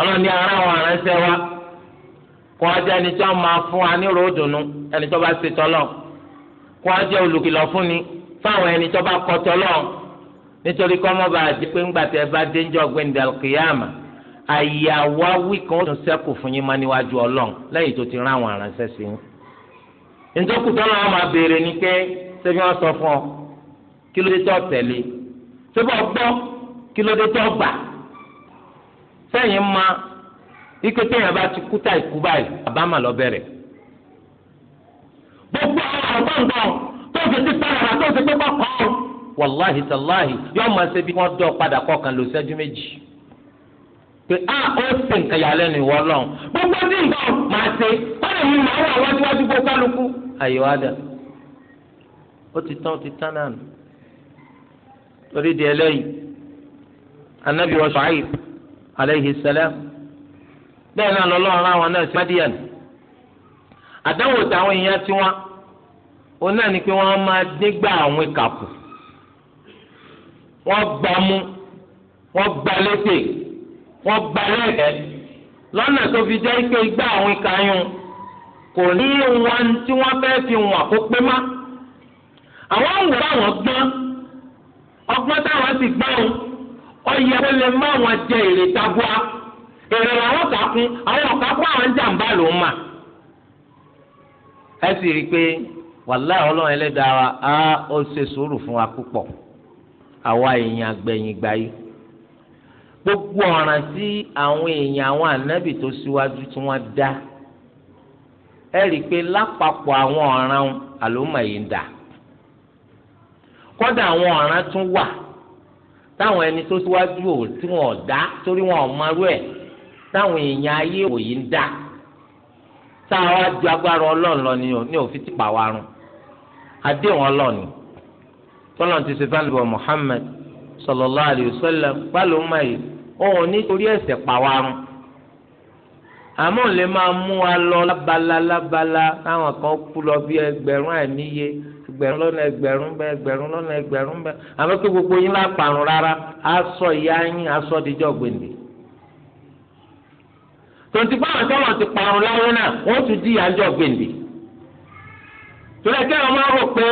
A: ọlọ́ni ara wọn aránṣẹ́ wa kó wá jẹ́ ẹni tí wọ́n fún wa ní ròódùnú ẹni tó bá ṣe tọ́lọ̀ kó wá jẹ́ olùkìlọ̀ fúnni fáwọn ẹni tó bá kọ́ tọ́lọ̀ nítorí kọ́ mọ́ bá a di pé ńgbà tẹ́ ẹ bá dé ńjọ́ gbẹ̀ndẹ̀ alkiyama àyàwó awí kan ó tún sẹ́kù fún yín má níwájú ọlọ́run lẹ́yìn tó ti rán àwọn aránṣẹ́ sí yín. ntọ́kù tọ́lá wọn máa béèrè ni pé ṣebí wọ́n sọ fún ọ kí ló dé tó tẹ̀lé ṣebí wọ́n gbọ́ kí ló dé tó gbà. sẹ́yìn ma ike téèyàn bá ti kú táì kú báyìí àbámà lọ bẹ̀rẹ̀. gbogbo àwọn ọ̀gbọ̀ngbọ̀n tó ti ti sára tó ti pé kọ́kọ́ wàláhì tàláhì yóò máa ṣe bí wọn dọ̀ padà kọkàn lò sẹ́jú méjì pé a ah, ó sì nǹkan yàlẹ́nu ìwọ lọ́hùn gbogbo ní nǹkan máa ṣe wọ́n lè mú wà wájúwájú gbogbo kálukú àyèwò àdà ó ti tán ó ti tán náà torí di ẹlẹ́yìn anabi wa Shu'aib aleyhi salam bẹ́ẹ̀ náà àwọn náà sí mádìyàn àdáwò táwọn èèyàn tiwọn òun náà ni pé wọ́n máa dín àwọn wọ́n gbámú wọ́n gbà létè wọ́n gbà lẹ́ẹ̀kẹ́ lọ́nà tó fi jẹ́ ike igbá àwọn ìkàyún kò ní wọn tí wọ́n fẹ́ fi wọn kó pé má àwọn ń àwọn gbọ́n ọgbọ́n táwọn sì gbọ́n ọyẹ kó lè má wọn jẹ èrè tabua èrè làwọn kà àwọn ọ̀kà kún àwọn jàǹbá ló ń mà i pé àwa èèyàn àgbẹ̀yìn gbáyé gbogbo ọ̀ràn tí àwọn èèyàn àwọn ànábì tó síwájú tí wọ́n dá ẹ rí i pé lápapọ̀ àwọn ọ̀ràn àlòmọ̀ yìí ń dà kọ́dà àwọn ọ̀ràn tún wà táwọn ẹni tó síwájú ò tí wọn ò dá torí wọn ò ẹ̀ táwọn èèyàn ayé òyì ń dá táwa ju agbára ọlọ́run ni ò fi ti pàwọ́ àrùn àdéhùn ọlọ́run tọ́lọ̀ ti ṣe fálùbọ̀ Muhammad sallallahu alayhi wa sallam pálọ̀ ọ̀hún nítorí ẹ̀ṣẹ̀ pàwárùn àmọ́ lè máa mú wa lọ lábala lábala táwọn kan lọ bí ẹgbẹ̀rún àìníye ẹgbẹ̀rún lọ́nà ẹgbẹ̀rún bẹ́ẹ̀ ẹgbẹ̀rún lọ́nà ẹgbẹ̀rún bẹ́ẹ̀ gbogbo yín lápàrún rárá aṣọ ìyá yín aṣọ ìdíjọ́ báwọn ti láwọn náà tún torí ẹgbẹ́ ọmọ rò pé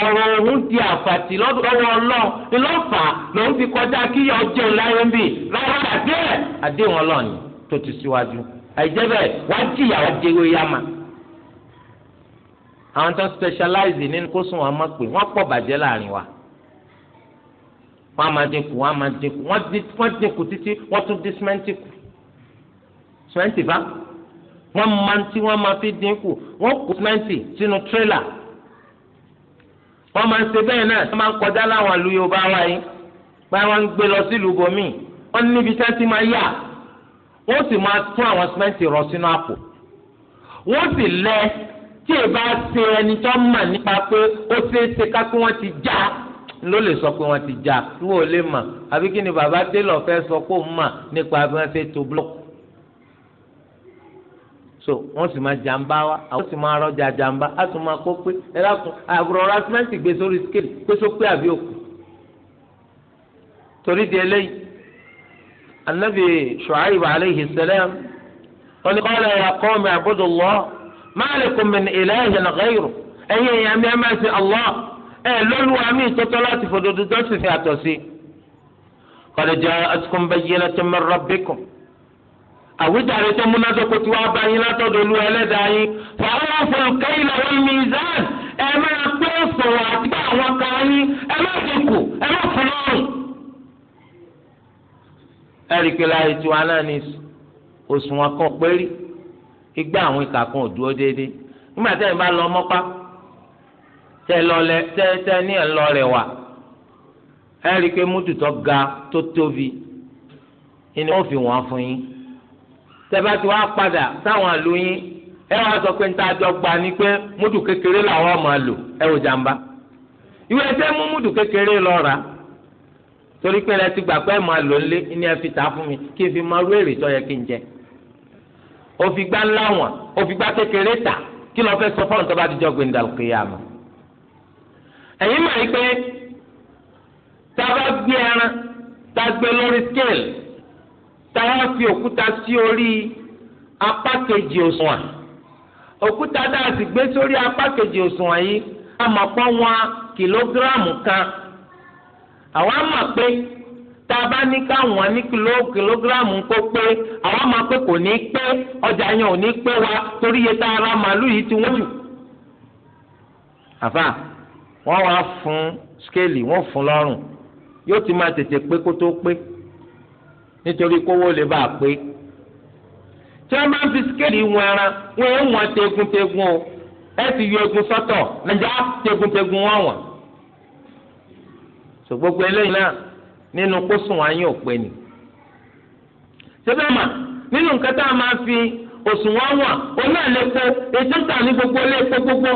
A: ọ̀rọ̀ òun di àfàtì lọ́wọ́ ọlọ́run ni lọ́fà lòun fi kọjá kí yọ jẹun láyé ń bì láwọn àdéhùn àdéhùn ọlọ́ọ̀ni tó ti síwájú àìjẹ́ bẹ́ẹ̀ wá jìyà wá jẹ́wé yáma. àwọn tó specialize nínú kó sùn wọn mọ̀ pé wọ́n pọ̀ bàjẹ́ láàrin wa wọ́n máa dínkù wọ́n máa dínkù wọ́n dínkù títí wọ́n tún dín sìmẹ́ǹtì kù sìmẹ́ǹtì bá wọ́n máa ń tí máa fi dínkù wọ́n kù sìmẹ́ǹtì sínú tírélà wọ́n máa ń ṣe bẹ́ẹ̀ náà wọ́n máa ń kọjá láwọn ìlú Yorùbá wa yìí báyìí wọ́n ń gbé lọ sílùú bomi wọ́n níbi tí wọ́n ti máa yà wọ́n sì máa tún àwọn sìmẹ́ǹtì rọ sínú àpò wọ́n sì lẹ tí ì bá ṣe ẹni tó mà nípa pé ó ṣeé ṣe ká pé wọ́n ti já ló lè sọ pé wọ́n ti já wọ́n ò lè mà àbí kí ni bàbá tẹ́lọ̀ fẹ́ sọ pé òun mà nípa bí wọ́n ṣe to blọ́ọ̀kù so wọ́n sì máa jàǹbá wa àwọn sì máa rọjà jàǹbá a sì máa kó pé ẹ dákun àgùrọ̀ rásímẹ́ǹtì gbé sórí scale pé só pé àbí òkú torí di eléyìí anabi shuaib aleyhi salam wọn ni qala ya qawmi abudullah ma lakum min ilahin ghayru ẹ̀yin ẹ̀yà mi ẹ̀ máa ṣe allah ẹ̀ lọ́lùwà mi tọ́tọ́ láti fòdòdó tó sì fi àtọ̀ sí. qad ja'atkum bayyinatun min rabbikum àwíjàre tó múnádókó tí wàá bá yín látọ̀dọ̀ olú ẹlẹ́dàá yín fàáwọ́ fún kẹ́hìnà wọn mizan ẹ máa pé òṣòwò àti bá àwọn kan yín ẹ má fi kù ẹ má fún lọ́rùn. ẹ rí i pé láyé tiwa náà ní òṣùwọ̀n kan péré igbá àwọn ìka kan ò dúró déédéé nígbà tẹ́ ẹ bá lọ mọ́pá tẹ́ ẹ ní ẹ̀ lọ rẹ̀ wà ẹ rí i pé mútùtọ́ ga tó tóbi ni wọ́n fi wọ́n fún yín tẹ́fà tí wàá padà sáwọn àlù yín ẹ wàá sọ pé níta àjọ gba ni pé múdù kékeré làwọn máa lò ẹ wò jàmbá ìwé ẹsẹ̀ mú múdù kékeré lọ rà torí pé ẹ ti gbà pé ẹ máa lò ńlé ní ẹ fi tà á fún mi kí n fi máa rú èrè tó yẹ kí n jẹ òfìgbà ńlá wọn òfìgbà kékeré tà kí lọ́ọ́ fẹ́ sọ fọ́ọ̀n tó bá ti jọ gbẹ̀ndàlùkìyàmù ẹ̀yin mọ̀ ẹ́ pé tá a bá gbé ẹran tá a gbé lórí scale táwọn fi òkúta sí orí apá kejì okuta òkúta náà sì gbé sórí apá kejì òṣùwọ̀n yìí a mọ̀ pọ́ wọn kìlógíráàmù kan àwa mọ̀ pé tá a bá ní káwọn ní kìlógíráàmù kó pé àwa mọ̀ pé kò ní pé ọjà yẹn ò ní pé wa torí iye tá a ra yìí ti wọ́n jù. àfà wọ́n wá fún skéèlì wọn fún lọ́rùn yóò ti máa tètè pé kó tó pé. nítorí kówó lè bá a pé tí wọ́n máa ń fi skéèlì wọn ẹran wọn ò wọn tegun-tegun o ẹ sì yọ egun sọ́tọ̀ nàìjà tegun-tegun wọn wọn. sọ gbogbo eléyìí náà nínú kóṣùn wa yín pé ni. síbẹ̀ mà nínú nǹkan tá a máa fi òṣùwọ̀n wọn òun náà lè ètò ìta ní gbogbo lè gbogbo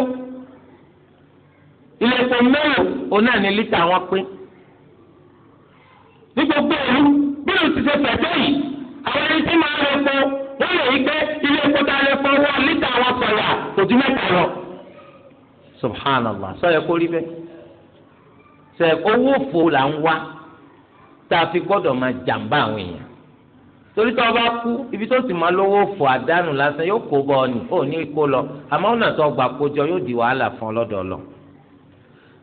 A: ilé epo mélòó ní lítà wọn pín ní gbogbo ìlú ti ṣe pẹ̀tẹ́ yìí àwọn ẹni tí máa lọ pọ̀ wọ́n lè yí pé ilé epo tá a lè pọ̀ wọ́n lítà wọn sọ̀yà kò ju mẹ́ta lọ. subhanallah sọyẹ kó rí bẹ́ẹ̀ sẹ owó fo là ń wá tá a fi gbọ́dọ̀ máa jàǹbá àwọn èèyàn torí tó o bá kú ibi tó sì máa lówó fò àdánù lásán yóò kó bọ ọnì ò ní kó lọ àmọ́ ọ̀nà tó gbà kójọ yóò di wàhálà fún ọ lọ́dọ̀ lọ.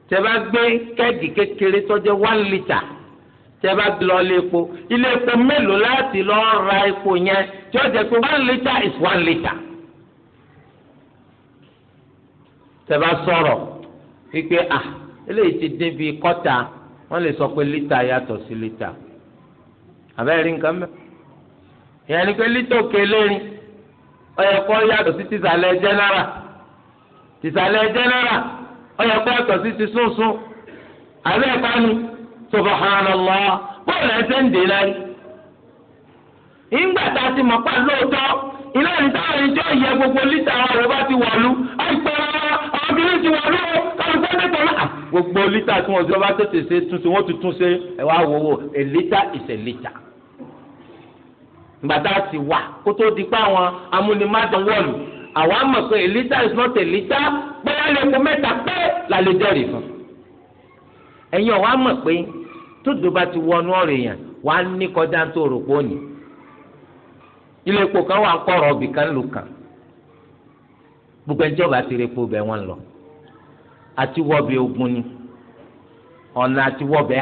A: tẹ bá gbé kẹ́ẹ̀gì kékeré tó jẹ́ one litre tẹ́ bá lọ epo ilé epo mélòó láti lọ ra epo yẹn tí ó one litre is one litre tẹ́ sọ̀rọ̀ wípé ah eléyìí ti dín bíi kọ́ta wọ́n lè sọ pé lítà yàtọ̀ sí lítà àbẹ́rẹ́ nǹkan mẹ́. ìyẹn ni pé lítà òkè lérin ọ̀yẹ̀kọ́ yàtọ̀ sí tìsàlẹ̀ tìsàlẹ̀ yàtọ̀ sí ti subhanallah bọ́ọ̀lù ẹsẹ̀ ń dè láyé. ìgbà tá a ti mọ̀ pa lóòótọ́ iná ní táwọn ìjọ yẹ gbogbo lítà àwọn ọ̀rọ̀ bá ti wọ̀lú àìpẹ́ àwọn kìíní ti wọ̀lú kálukú ẹ̀dẹ́gbẹ̀ náà. gbogbo lítà tí wọn ti bá tètè ṣe túnṣe wọn ti túnṣe ẹ wá wò wò a litre is a litre. gbàdá ti wà kó tó di pa àwọn amúnimátan wọ̀lú àwa mọ̀ pé a litre is not a litre gbọ́dọ̀ lè kó mẹ́ta pé làlẹ́ jẹ́rìí fún. ẹ̀yin ọ̀wá mọ̀ tódò bá ti wọnú ọrụ èèyàn wà á ní kọjá tó rò kan wà ń kọ̀rọ̀ kan lù kàn gbogbo ẹni tí ọba ti rè epo ogbunni, wọ́n lọ àti wọ́ọ̀bì ogun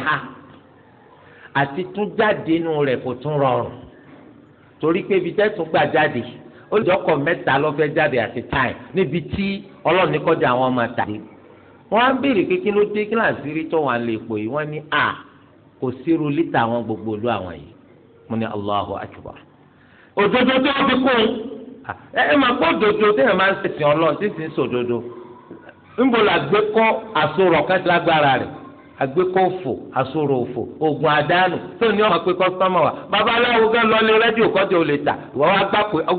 A: ha àti tún jáde inú rẹ̀ kò tún ibi tẹ́sùn gbà jáde mẹ́ta lọ́fẹ́ jáde àti táì níbi tí á béèrè dé kí rí tọ́wọ́ kò sírú lítà àwọn gbogbo olú àwọn yìí mo ní Allahu akbar òdodo tó fi kún ẹ máa kó òdodo téèyàn máa ń sèṣin Ọlọ́run tí ń sòdodo ńbọ la gbé kọ àsorọ kẹsì lágbára rẹ agbékọ òfò àsorọ òfò oògùn àdánù tó ní ọmọ pé kọsítọmọ wa kọjá ò lè tà wa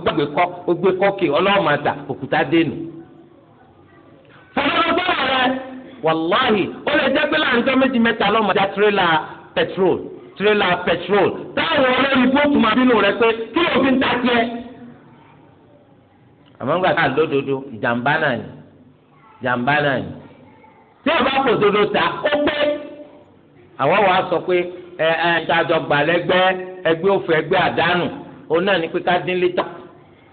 A: gbàgbé kọ ó gbé kọkè tà òkúta Petrol, tirẹ̀là petrol, táwọn ọlọ́rin tó tún máa bínú rẹ pé kí ló fi ń ta tiẹ̀. àmọ́ nígbà tá à lódodo ìjàmbá náà ni ìjàmbá náà ni tí a bá kò dodo ta ó pé àwọn sọ pé ẹ ẹ ìtajọ òfò àdánù òun náà ní pé ká dín lítà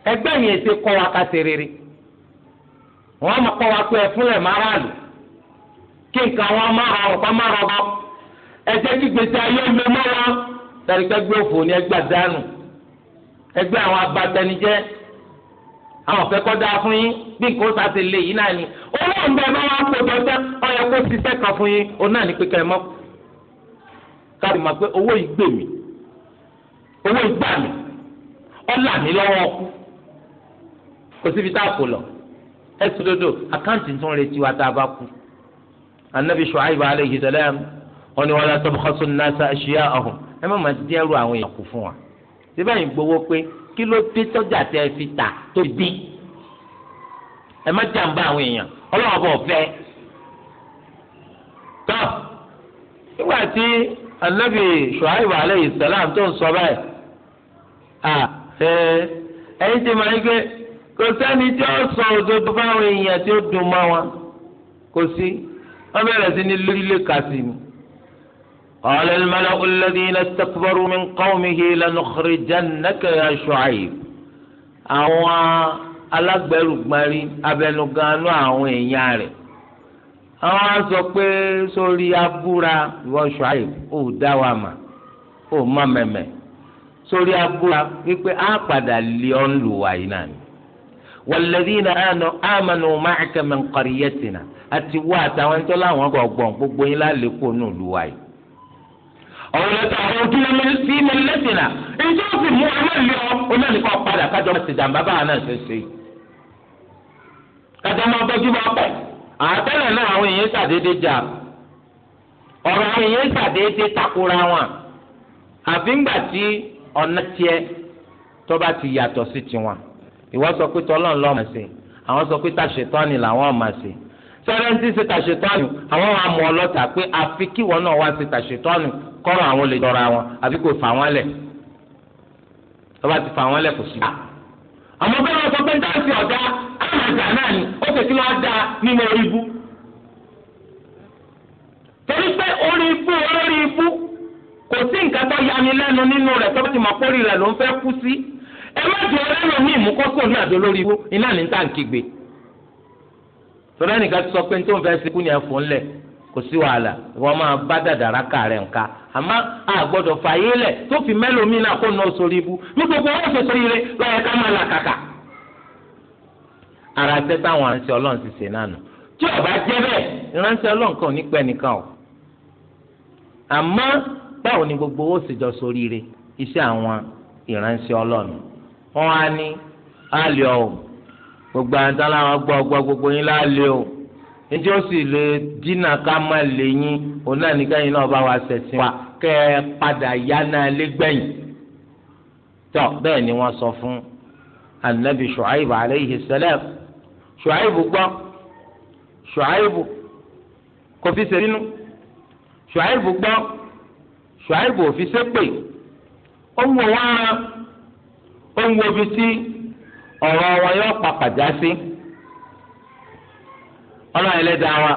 A: yẹn ṣe kọ́ wa ká ṣe rere wọ́n á ẹjẹ kígbèsè ayé ń bẹ mọ́ wọn tàbí kẹgbẹ́ òfò ni ẹgbẹ́ àdánù ẹgbẹ́ àwọn abatẹnijẹ́ àwọn ọ̀fẹ́ kọ́ dáa fún yín bí nǹkan ọ̀sà ti lè yín náà ni owó ń bẹ mọ́ wọn kò tọ́tẹ́ ọ̀yẹ kó ṣiṣẹ́ kan fún yín òun náà ní pípẹ́ mọ́ káàdì máa pé owó yìí gbè mí owó yìí gbà mí ọ̀là mi lọ́wọ́ kò síbi tá a kò lọ ẹ̀sùn dodo àkáǹtì tún retí wa tá a bá kú anabi shuaib aleyhi salam wọn ni wọn lọ sọ bọkọ sọnù náà ṣíyá ọhún ẹ má má dẹrù àwọn èèyàn kù fún wa síbẹ̀ yìí gbowó pé kí ló dé tọ́jà tẹ fi tà tó dín ẹ má jàǹbá àwọn èèyàn ọlọ́wọ́ bọ̀ fẹ́ tọ́ nígbà tí anabi shuaib aleyhi salam tó ń sọ báyìí ẹ̀yin ti máa ń gbé kò sẹ́ni tí ó sọ òdodo fáwọn èèyàn tí ó dùn mọ́ wọn kò sí wọ́n bẹ̀rẹ̀ sí ní lórílẹ̀ kásì قال الملأ الذين استكبروا من قومه لنخرجنك يا شعيب àwọn alágbẹrùgbọ́nrí abẹnuganu àwọn èèyàn rẹ̀ àwọn á sọ pé sórí abúra ìwọ Ṣuaib ò dá wa mà ò má mẹ̀mẹ̀ sórí abúra wípé á padà lé ọ́n lù wá yìí náà ni walladhina amanu ma'aka min qaryatina àti wá àtàwọn tó láwọn gbọ̀ngbọ̀n gbogbo yín lálẹ́ kó nù lù wá yìí. ọ̀rọ̀ lẹ́tọ̀ àwọn ojú ló mẹ́lẹ́ sí ilẹ̀ lẹ́sìnà èyí sì mú ọmọ ìlú ọ onáníkọ́ padà kájọ ti jàǹbá báwa náà ṣe ṣe. kájọ máa tọ́jú máa pẹ̀ àtẹ́lẹ̀ náà àwọn èèyàn ṣàdédé jà ọ̀rọ̀ àwọn èèyàn ṣàdédé takora wọn àfi ńgbà tí ọ̀nà tiẹ̀ tó bá ti yàtọ̀ sí tiwọn ìwọ sọ pé tọ́lọ́ tẹ́rẹ́ǹtì ṣe tàṣetọ́nù àwọn wa mú ọlọ́ta pé àfi kí wọn náà wá ṣe tàṣetọ́nù kọ́rọ̀ àwọn lè jọra wọn àbí kò fà wọ́n lẹ̀ ọba ti fà wọ́n lẹ̀ kò sí. àmọ́ bẹ́ẹ̀ wọ́n sọ pé dáàsì ọ̀dà àmàjà náà ni ó fèsì lọ́ọ́ da nínú orí ibú. torí pé orí ibú olórí ibú kò sí nǹkan tó yani lẹ́nu nínú rẹ̀ tó ti mọ̀ kórìí rẹ̀ ló ń fẹ́ kú sí. ẹ má jẹ́ ọlọ́run ní ìmúkọ́sọ̀ ní torí ẹnìkan ti sọ pé nítorí fẹ́ sekú ni ẹ fún lẹ̀ kò sí wàhálà ìwọ máa bá dàdàrà kà rẹ̀ nǹka àmọ́ àgbọ̀dọ̀ fàyè lẹ̀ tó fi mẹ́lòmíì náà kó nà ó sórí ibú ní gbogbo wọn ṣe sórí rẹ ká máa là kàkà. ara ṣe táwọn aránṣẹ́ ọlọ́run ti ṣe náà tí ọba jẹ́ bẹ́ẹ̀ ìránṣẹ́ ọlọ́run kan ò ní pẹ́ nìkan o àmọ́ báwo ni gbogbo ó sì jọ sórí rẹ iṣẹ́ àwọn ìránṣẹ́ ọlọ́run wọn á ní àlẹ́ ọ̀hún gbogbo àwọn tán láwọn gbọ́ gbọ́ gbogbo yín láàlẹ́ o ndị ó sì lè dínà ká má lè yín òun náà nìkan náà bá wa ṣẹ̀sìn wa kẹ́ ẹ padà yá náà lẹ́gbẹ̀yìn bẹ́ẹ̀ ni wọ́n sọ fún anabi shuaib aleyhi salam shuaib gbọ́ shuaib kò fi ṣe nínú shuaib gbọ́ shuaib ò fi ṣe pé ó ń ọ̀rọ̀ wọn yóò papàjá sí ọlọ́run ẹlẹ́dàá wa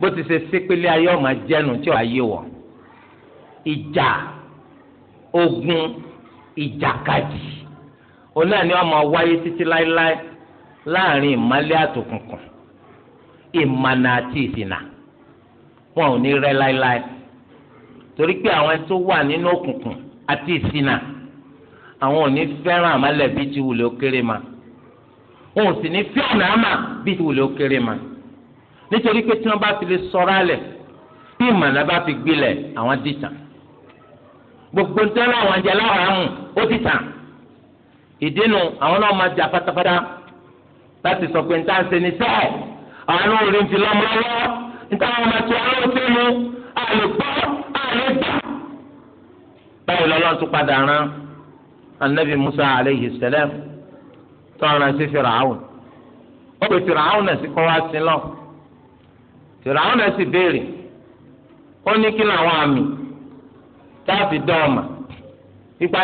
A: bó ti ṣe sépélé ayé ọ̀ma jẹ́nu tí ọ̀rọ̀ ayé wọ̀ ìjà ogun ìjàkadì òun náà ni ọmọ wáyé títí láéláé láàrin ìmálẹ̀ àtòkùnkùn ìmànà àti ìsìnà wọn ò ní rẹ́ láéláé torí pé àwọn tó wà nínú òkùnkùn àti ìsìnà. àwọn ò ní fẹ́ràn àmàlẹ̀ ti wùlé ó ma wọn sì ní fẹ́ràn àmà bí ti wùlé ó ma nítorí pé tí wọ́n bá fi lè sọ́ra bí ìmọ̀nà bá fi gbilẹ̀ àwọn dìtàn gbogbo ń tẹ́lẹ̀ àwọn ajẹ́ láwọn ó dìtàn ìdínú àwọn náà máa jà pátápátá láti sọ pé níta ṣe ní sẹ́ẹ̀ àwọn anabi musa aleyhi salam tọ́ran sí firaahun ó pe firaahun náà sí kó wá sí lọ firaahun náà sì béèrè ó ní kí làwọn àmì táàbì dọ́ọ̀mà ipa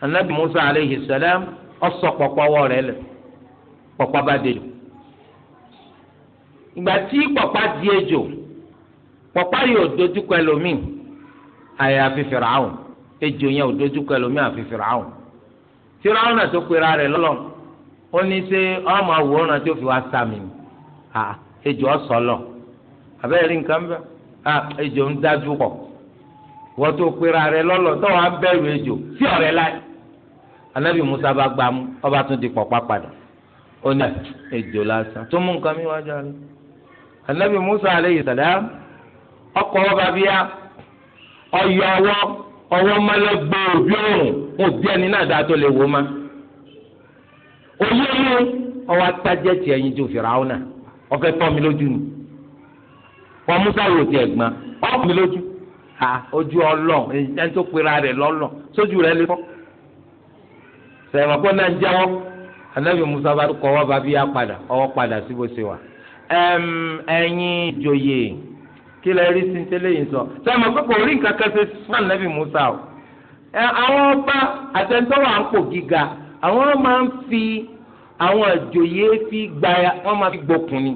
A: anabi musa ọsọ ìgbà tí pọpọ di ejò yóò dojú ejò yẹn ò dojú kọ ẹlòmíà àfi fìràwùn fìràwùn náà tó pera rẹ̀ lọ́lọ́ ó ní ṣe ọmọ àwòrán tó fi wá sàmì ni ejò ọ̀sọ̀lọ̀ àbẹ́rẹ́ nǹkan bẹ́ẹ̀ a ejò ń dájú kọ̀ wọ́n tó pera rẹ̀ lọ́lọ́ tó wàá bẹ̀rù ejò sí ọ̀rẹ́ láì anabi musa bá gbà mú ọba tún di pọ̀pá padà ó ní ejò lásán tó mú nǹkan mi wájú àlọ́ anabi musa aleyhi sàlẹ̀ ọkọ̀ ọba bíyà ọyọ ọwọ́ ọwọ́ mọ́lẹ́gbẹ́ òbí ọ̀rùn mo bí ẹni náà dáa tó lè wò má. òye mi ọwọ́ atájẹ́ tiẹ̀ yín ju fìràwọ́ náà ọ̀fẹ́ tọ́ mi lójú mi wọ́n musa wò tiẹ̀ gbọ́n ọ̀pọ̀ mi lójú ha ojú ọlọ́n ẹni tó pera rẹ̀ lọ́lọ́n sójú rẹ̀ lè fọ́. sẹ̀wọ̀n kó náà ń jẹ́wọ́ anabi musa bá kọ́ wọ́n bá bí yá padà ọwọ́ padà síbòsíwà ẹ̀yin ìjòyè kí lẹ rí sí tẹ́lẹ̀ yìí sọ sọmọ pé kò rí nǹkan kan ṣe fún anabi musa o ẹ àwọn ọba àtẹnudọ́wọ̀ à ń pò gíga àwọn máa ń fi àwọn àjòyè fi gba wọn máa fi gbókun ni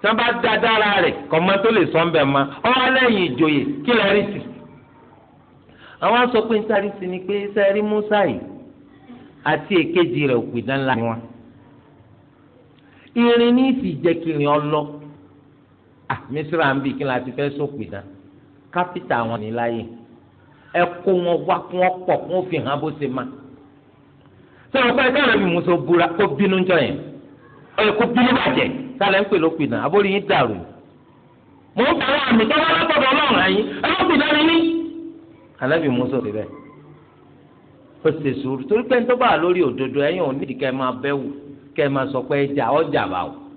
A: tí wọn bá da dára rẹ kọmọ tó lè sọ ń bẹ ma ọwọ lẹ́yìn ìjòyè kí lẹ rí sí. àwọn sọ pé nítorí sí ni pé sẹ́rí musa yìí àti èkejì rẹ̀ òpìdánlá ni wọn. irin ní ìfìjẹkìrìn ọlọ́ọ̀ ah misra ń bì kí la ti fẹ́ sópin náà kápítà wọn ní láyè ẹ kó wọn wá kó wọn pọ̀ kó wọn fi hàn bó ṣe má sọ̀rọ̀ pé káwọn ẹbí musa búra kó bínú jọ yẹn ó yẹ kó bínú bàjẹ́ sálẹ̀ ń pè lópin náà àbórí yín dàrú mò ń bẹ̀rẹ̀ àmì tó wọ́n lọ́gbọ̀dọ̀ ọlọ́run ayé ẹ lọ́pìn náà ní. alábì musa ò rí ó ṣe sùúrù torí pé ń tó bá lórí òdodo ẹ̀yìn ò ní ìdí máa bẹ́ kẹ́ máa sọ pé ẹja ọjà bá wù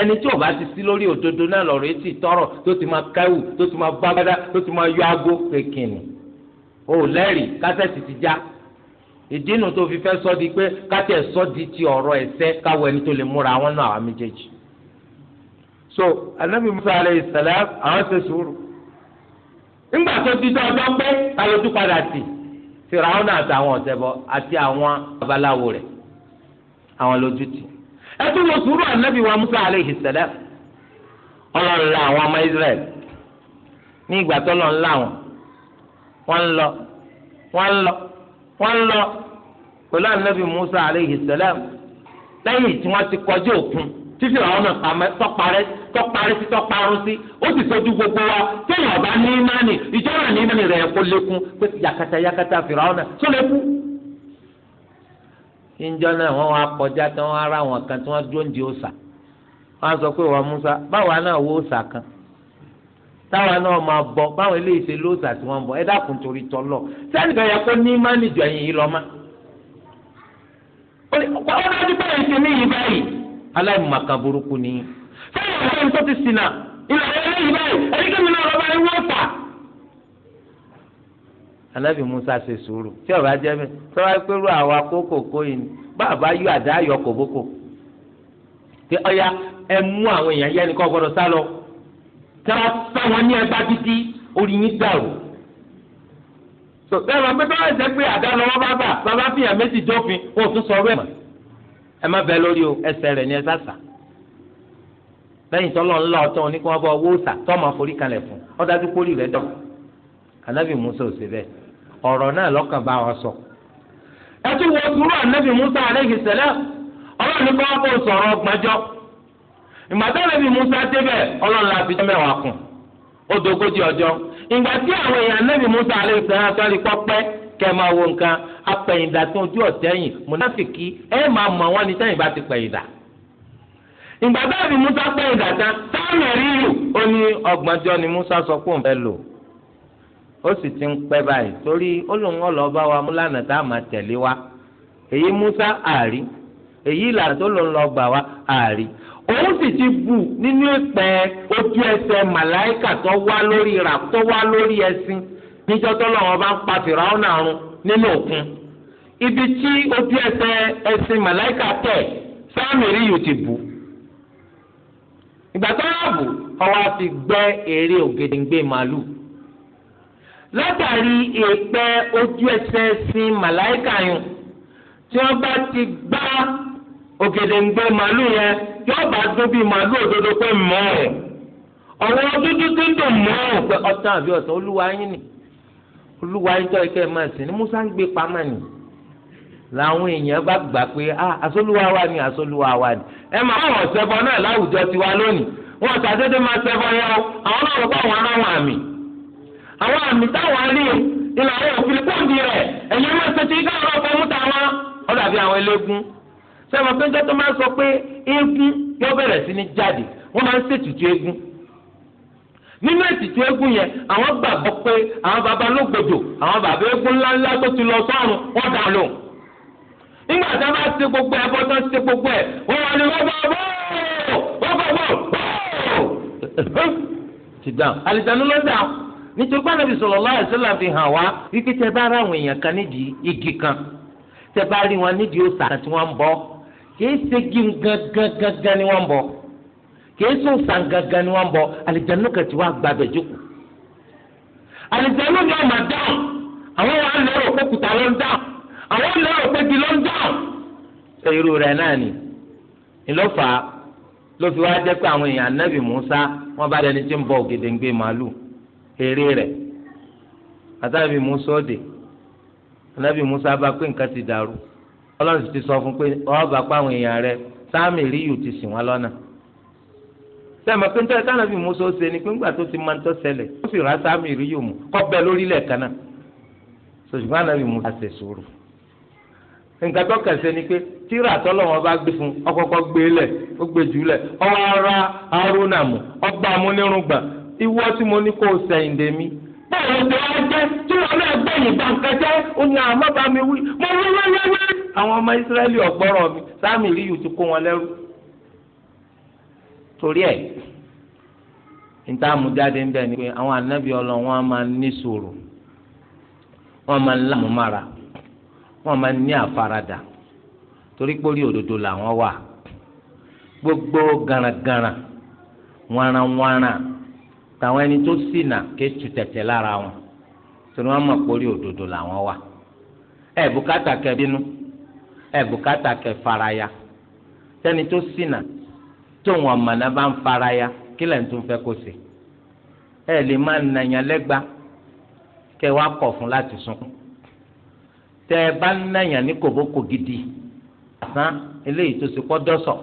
A: ẹni tí ò bá ti sí lórí òdodo náà lọ́rọ̀ etí tọrọ tó ti máa káwù tó ti máa bágbádá tó ti máa yọ aago kékinì o lẹ́rìí kásẹ̀tì ti já ìdí inú tó fi fẹ́ sọ di pé kátẹ̀ sọ di ti ọ̀rọ̀ ẹ̀sẹ̀ káwọ ẹni tó lè múra wọn náà àwọn méjèèjì so anabi musa alayhi salam àwọn ṣe sùúrù nígbà tó ti dán ọjọ́ pé alójú padà tì fìràwọn àtàwọn ọ̀sẹ̀ bọ àti àwọn babaláwo rẹ̀ àwọn lójú tì ẹ tún wo sùúrù ànábì wa musa aleyhi sẹlẹm ọlọ́run àwọn ọmọ israẹl ní ìgbà tó lọ ńlá wọn wọn ń lọ wọn lọ wọn lọ ànábì musa aleyhi tí ti kọjú òkun títí àwọn tọparẹ tọparẹ sí tọparun sí ó sì gbogbo wa tẹ́lẹ̀ ọba ní imáni ìjọba ní imáni kó lékún pé yakata yakata ọ̀nà tó lékún. níjọ́ náà wọ́n wá kọjá tí wọ́n ara wọn kan tí wọ́n dúró ń di òòsà wọ́n sọ pé wọ́n Musa báwa náà wó òòsà kan táwa náà máa bọ báwọn eléyìí ṣe lóòsà tí wọ́n bọ ẹ dákun torí tọ́lọ̀ sẹ́ni kan yẹ kó ní mánìjọ ẹ̀yìn yìí lọ́mọ. wọ́n dájú pé èyí ṣe níyì báyìí aláìmọ̀kan burúkú ni. fẹ́ẹ̀rẹ̀ ọ̀sẹ̀ ń tó ti sìn náà
B: ìlànà eléyìí báyìí
A: anabi musa ṣe sùúrù tí ọba jẹ bẹ tọba pẹlú àwa kókòkò yìí ni bàbá yọ àdá yọ kòbókò tí ọya ẹ mú àwọn èèyàn yẹn nìkan gbọ́dọ̀ sá lọ tẹwà táwọn ní ẹgbà títí orí yín dàrú. tó bẹ́ẹ̀ máa pẹ́ tó jẹ́ pé àdá lọ́wọ́ bá bà bàbá fìyà méjì dófin kó o tún sọ ọ̀rọ̀ ẹ̀ mọ̀ ẹ má bẹ lórí o ẹsẹ̀ rẹ̀ ni ẹ sàṣà lẹ́yìn tọ́lọ́ ńlá ọ̀tọ́ oníkan ọba owó sà tọ́ máa forí kalẹ̀ fún ọ́dájú pólì rẹ̀ dọ̀ anabi musa ò ṣe bẹ́ẹ̀ ọ̀rọ̀ náà lọ́kàn bá wọn sọ. ẹ tún wọ sùúrù ànábì musa aleyhi sẹlẹ ọlọ́run ní kọ́ kó sọ̀rọ̀ ọgbọ́njọ́ ìgbàdàn ànábì musa débẹ̀ ọlọ́run fi jẹ́ mẹ́wàá ọjọ́ ìgbà tí àwọn èèyàn ànábì musa pọ́pẹ́ kẹ́ máa wo nǹkan apẹ̀yìndà tó ojú ti pẹ̀yìndà ànábì musa pẹ̀yìndà tán sáà mẹ́rin lò ni musa sọ ó sì ti ń pẹ́ báyìí torí ó lóun bá wa mú lánàá tá a máa tẹ̀lé wa èyí Musa àárí èyí ìlànà tó lòun lọ gbà wá àárí òun ti bù nínú ìpẹ́ ojú ẹsẹ̀ màláìkà tó wá lórí rà tó wá lórí ẹṣin níjọ́ tó lọ́wọ́ bá ń pa fìràwọn àrùn nínú ibi tí ojú ẹsẹ̀ malaika màláìkà tẹ̀ sáàmì rí ti bù ìgbà tó yà bù ọwọ́ á gbẹ́ látàrí èèpẹ ojú ẹsẹ̀ si màláìkà yùn tí wọ́n bá ti gbá ògèdèǹgbè màálù yẹn yóò bá dún bíi màálù òdodo pé mọ́ọ̀ ọ̀wọ́ dúdú tó ń dùn mọ́ọ̀ pé ọ̀tán àbí ọ̀tán olúwa yín ni olúwa yín tọ́ máa sìn ní musa ń gbé pamọ́ ni làwọn èèyàn bá gbà pé ah, àsọlúwa wa ni àsọlúwa wa ni ẹ máa wọ̀ ṣẹbọ náà láwùjọ tiwa lónìí wọn ṣàdédé máa yẹn o àwọn náà bá wọn àwọn àmì táwọn á rí ìlà àwọn òfin kóńdì rẹ̀ ẹ̀yìn máa ṣe ti káwọn ọkọ̀ mú tàwọn ó dàbí àwọn eléégún sẹ́wọ̀n péńjọ́ tó máa sọ pé eégún yóò bẹ̀rẹ̀ sí ní jáde wọ́n máa ń ṣètùtù eégún nínú ètùtù eégún yẹn àwọn gbàgbọ́ pé àwọn baba ló gbòdò àwọn baba eégún ńláńlá tó ti lọ sọ́run wọ́n dà lóhùn nígbà tí a bá ṣe gbogbo ẹ̀ bọ́ tó ń ṣe gbogbo ẹ̀ wọ́n wà ní wọ́n bá bọ́ wọ́n bá bọ́ bọ́ ti dáhùn àlìjánu ló dáhùn. nítorí pé Ànábì sallallahu alaihi wasallam fi hàn wá wípé tẹ bá ara àwọn èèyàn kan nídìí igi kan tẹ bá rí wọn nídìí kan tí wọ́n ń bọ kìí ṣègi gangan ni wọ́n ń bọ kìí ṣòòṣà gangan ni wọ́n ń bọ àlìjánu kan tí wọ́n gbàgbẹ́ jókòó àlìjánu ni wọ́n dáhùn àwọn wà lọ́rọ̀ pé kùtà ló ń dáhùn àwọn pé di ló ń eré rẹ. àtàbí musa òde ànábì musa bá pé nǹkan ti dàrú ọlọ́run sì ti sọ fún pé pa àwọn èèyàn sáàmì ríyù ti lọ́nà sẹ́mi pé nítorí musa ó ṣe ni pé ti máa ń tọ́ ó sì rà sáàmì ríyù mu kọ́ kan náà musa ṣe nǹkan tó ni pé tíra tọ́lọ̀ wọn bá gbé fún ọkọ̀ọ̀kọ̀ gbé Iwọ tí mo ní kó o sẹ̀yìn dè mí báwo ni wọ́n jẹ́ tí wọ́n náà gbẹ̀yìn bàǹkà jẹ́ ó ní àmọ́ ah, bá mi wí mo wí wẹ́wẹ́wẹ́ àwọn ọmọ ìsírẹ́lì ọ̀gbọ́rọ̀ mi sáàmì ríyù ti kó wọn lẹ́rú torí ẹ̀ níta àmújáde ń bẹ̀ ni pé àwọn ànábì Ọlọ́run wọn máa ní sùúrù wọ́n máa ń mára, wọ́n máa ń ní àfaradà torí pé orí òdodo làwọn wà gbogbo garagara wàràwàrà. tàwọn ẹni tó ṣìnà ké tu tẹ̀tẹ̀ lára wọn torí wọn mọ̀ pórí òdodo làwọn wà ẹ bùkátà kẹ bínú ẹ bùkátà kẹ faraya tẹni tó ṣìnà tó wọn mọ̀nà bá ń faraya kí lẹ́yìn tó ń fẹ́ kó ṣe ẹ lè má nàyàn lẹ́gba kẹ wá kọ̀ fún láti sunkún tẹ ẹ bá nàyàn ní kòbókò gidi àtàn eléyìí tó ṣe kọ́ dọ́sọ̀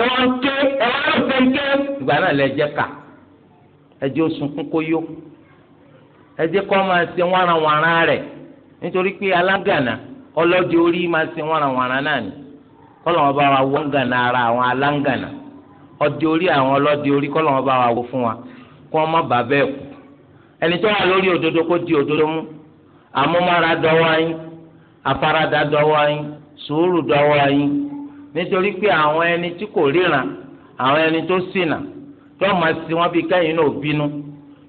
A: ẹ wọ́n ké ẹ wọ́n fẹ́ ké ìgbà náà lẹ jẹ́ ká. ẹjẹ ó sunkún kó yó ẹjẹ kọ́ máa nwara wánranwànran rẹ̀ nítorí pé alágànà ọlọ́dẹ orí máa ṣe wánranwànran náà ni kọ́lọ́wọ́n bá ara àwọn alágànà ọdẹ orí àwọn ọlọ́dẹ orí kọ́lọ́wọ́n bá wa wọ́ fún wa kó wọ́n má bẹ́ẹ̀ kú ẹni tó wà lórí òdodo kó di òdodo mú àmúmára dọwọ́ yín afárádá dọwọ́ yín sùúrù dọwọ́ yín nítorí yóò máa sin wọn bí kẹ́yìn náà bínú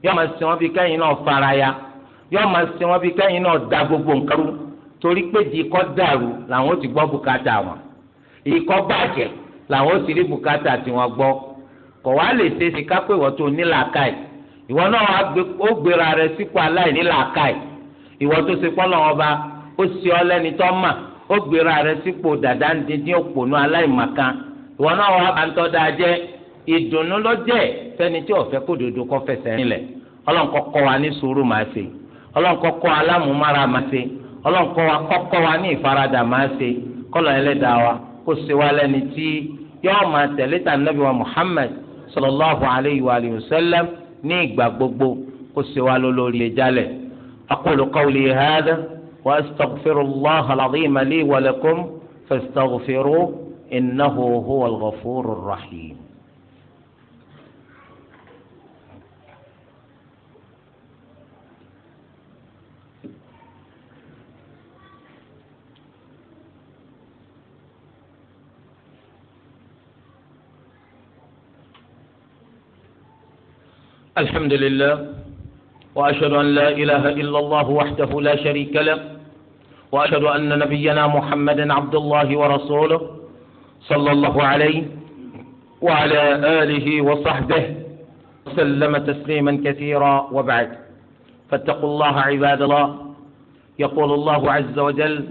A: yóò máa sin wọn bí kẹ́yìn náà faraya yóò máa sin wọn bí kẹ́yìn náà da gbogbo nǹkan rú torí pé di ikọ́ dàrú làwọn ó ti gbọ́ bùkátà wọn ikọ́ bàjẹ́ làwọn ó ti rí bùkátà tí wọ́n gbọ́ kọ̀ wá lè ṣe é ṣe kápẹ́ ìwọ́n tó ní làákàyè ìwọ náà ó gbéra rẹ sípò aláìní làákàyè ìwọ tó ṣe pọ́n náà ọba ó ṣe ọ lẹ́ni tó mà ó gbéra rẹ sípò dàdá ń dín òpònú aláìmọ̀kan ìwọ náà wà bá ń tọ́ da jẹ́ ìdùnnú lọ́jẹ́ fẹ́ni tí ọ̀fẹ́ kó dodo kọ́ fẹsẹ̀ nílẹ̀ ọlọ́nkọ́ kọ́ wa ní sùúrù máa ṣe ọlọ́nkọ́ kọ́ alámúmára máa ṣe ọlọ́nkọ́ wa kọ́kọ́ wa ní ìfaradà máa ṣe kọ́lọ̀ ẹlẹ́dàá wa kó ṣe wa lẹ́ni tí yọ́ọ́ máa tẹ̀lé tà nàbí wa Muhammad sallallahu alayhi wa alihi wa sallam ní ìgbà gbogbo kó ṣe wa lólórí ìjálẹ̀ aqulu qawli hadha wa astaghfirullah الحمد لله وأشهد أن لا إله إلا الله وحده لا شريك له وأشهد أن نبينا محمدا عبد الله ورسوله صلى الله عليه وعلى آله وصحبه وسلم تسليما كثيرا وبعد فاتقوا الله عباد الله يقول الله عز وجل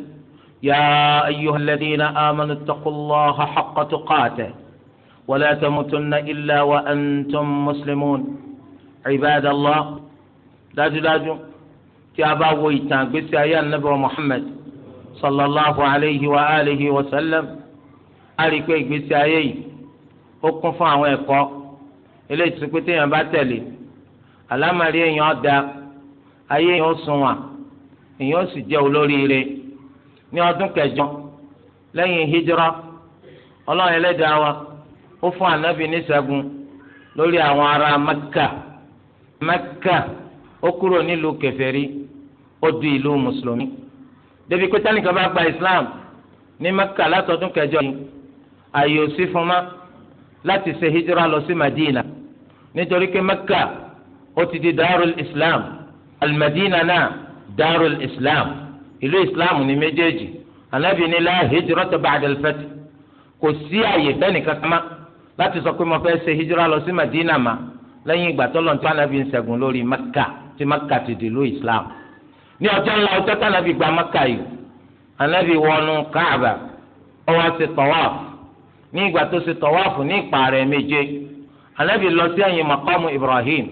A: يا أيها الذين آمنوا اتقوا الله حق تقاته ولا تموتن إلا وأنتم مسلمون Ibadallah dájúdájú tí a bá wo ìtàn àgbésí ayé anabi Muhammad sallallahu alayhi wa alihi wa sallam a rí i pé ìgbésí ayé yìí ó kún fún àwọn ẹ̀kọ́ eléyìí tó pété èèyàn bá tẹ̀lé àlámàrí èèyàn ọ̀dà ayé èèyàn ó sunwọ̀n èèyàn ó sì jẹ́ olóríire ní ọdún kẹjọ lẹ́yìn hijra ọlọ́run ẹlẹ́dàá wa ó fún ànábì níṣẹ́gun lórí àwọn ará Mẹ́kà. mẹ́kà ó kúrò nílùú kèfèrí ó di ìlú mùsùlùmí débi pé tánìkan bá gba islam ní mẹ́kà látọdún kẹjọ yìí ààyè òsì fún ma láti ṣe hijira lọ sí madina nítorí pé mẹ́kà ó ti di darul islam almadina náà darul islam ìlú islam ní méjèèjì anabi ní la hijrata ba'da al-fath kò sí ààyè bẹ́ẹ̀ nìkan kan má láti sọ pé mo fẹ́ ṣe hijira lọ sí madina ma lẹ́yìn ìgbà tó lọ́n tí anabi ń ṣẹ́gun lórí maka tí maka ti di ìlú islam ní ọjọ́ ńlá ọjọ́ tí anabi gba maka yìí anabi wọnú káàbà ó wá ṣe tawaf ní ìgbà tó ṣe tawaf ní ìpààrẹ̀ méje anabi lọ sí ẹ̀yìn makamu ibrahim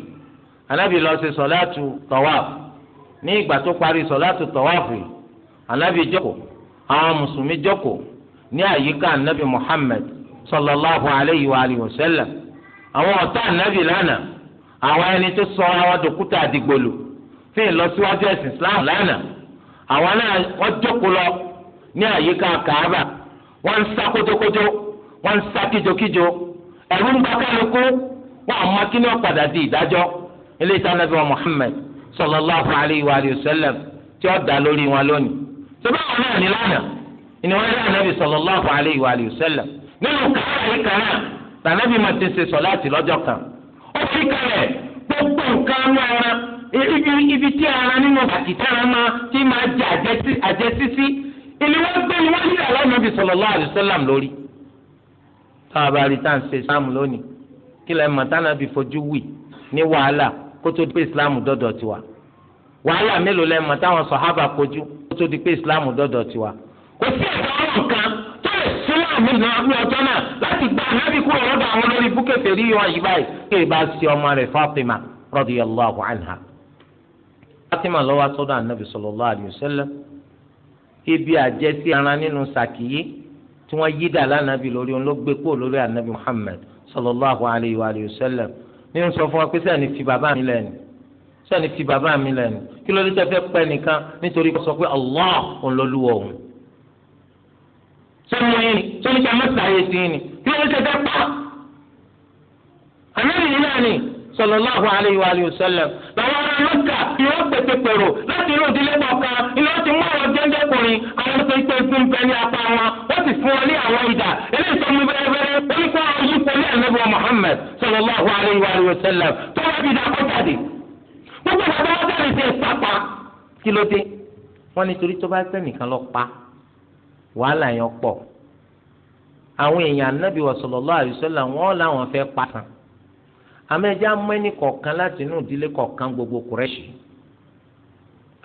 A: anabi lọ ṣe sọláàtù tawaf ní ìgbà tó parí sọláàtù tawaf yìí anabi jókòó àwọn mùsùlùmí jókòó ní àyíká anabi muhammad sallallahu alayhi wa sallam àwọn ọ̀tá ànábì lánàá àwọn ẹni tó sọ àwọn dòkúta àdìgbòlù fi ìlọsíwájú ẹ̀sìn islam lánàá àwọn náà wọ́n jókòó lọ ní àyíká kàába wọ́n ń sá kótókótó wọ́n ń sá kíjokíjo ẹ̀rú ń gba kálukú wọ́n àmọ́ kí ni wọ́n padà di ìdájọ́ ilé ìtànàbí wa Muhammad sallallahu alayhi wa sallam tí ó dá lórí wọn lónìí tó bá wọn náà ní lánàá sallallahu alayhi wa sallam nínú kàába yìí tànàbí máa ti ṣe sọ̀láàtì lọ́jọ́ kan ó fi kalẹ̀ gbogbo nǹkan ní ara ibi ibi tí ara nínú àkìtara máa ti máa jẹ àjẹsísí ìlú wọn gbé ni wọn yí àlọ́ nàbì sallallahu alaihi wasallam lórí táwọn bá rí táwọn ṣe islam lónìí kí lẹ́yìn mọ̀tánà bí fojú wì ní wàhálà kó tó di pé islam dọ́dọ̀ tiwa wàhálà mélòó lẹ́yìn mọ̀tánà sọ̀hábà kojú kó tó di pé islam dọ́dọ̀ tiwa kò sí ẹ̀dá ọ̀rọ̀ kan tó lè sílẹ̀ mí ní ọjọ́ náà ti gba ànábì kúrò lọ́dọ̀ àwọn olórí búkẹ́tẹ̀ rí wọn yìí báyìí kí ìbá ṣe ọmọ rẹ̀ Fatima radiyallahu anha. Fatima ló wá sọ́dọ̀ ànábì sallallahu alayhi wa sallam ibi àjẹsí ara nínú sàkíyé tí wọ́n yí dà lánàbì lórí òun ló gbé kúrò lórí ànábì Muhammad sallallahu alayhi wa sallam nínú sọ fún wa pé sẹ́ni fi bàbá mi lẹ́nu sẹ́ni fi bàbá mi lẹ́nu kí ló dé tẹ́ fẹ́ pẹ́ nìkan nítorí kó sọ pé Allah òun ló lúwọ̀ òun. sọ́ni sọ́ni ká mọ́tà ayé sí ni bí wọ́n ṣe fẹ́ pa. ànábì náà ni sallallahu alayhi wa alihi wa sallam làwọn ará mẹ́ta yóò pètè pèrò láti inú ìdílé kọ̀ọ̀kan ilé wọn ti mú àwọn jẹ́ńdẹ́kùnrin àwọn tó ìpè fún bẹ ní apá wọn wọ́n ti fún wọn ní àwọn ìdá eléyìí tó mú bẹ́ẹ̀rẹ́ oníkó ayípo ní ànábì Muhammad sallallahu alayhi wa alihi wa sallam tó wọ́n ti dá kọ́jáde gbogbo ìgbà tó wọ́n jáde ṣe pápá kí ló dé wọ́n nítorí tó bá sẹ́nìkan lọ pa wàhálà yẹn pọ̀ àwọn èèyàn anábì wa sallallahu alaihi wasallam wọn làwọn fẹ́ pàtàn àmẹjá mẹni kọ̀ọ̀kan láti inú ìdílé kọ̀ọ̀kan gbogbo kùrẹsì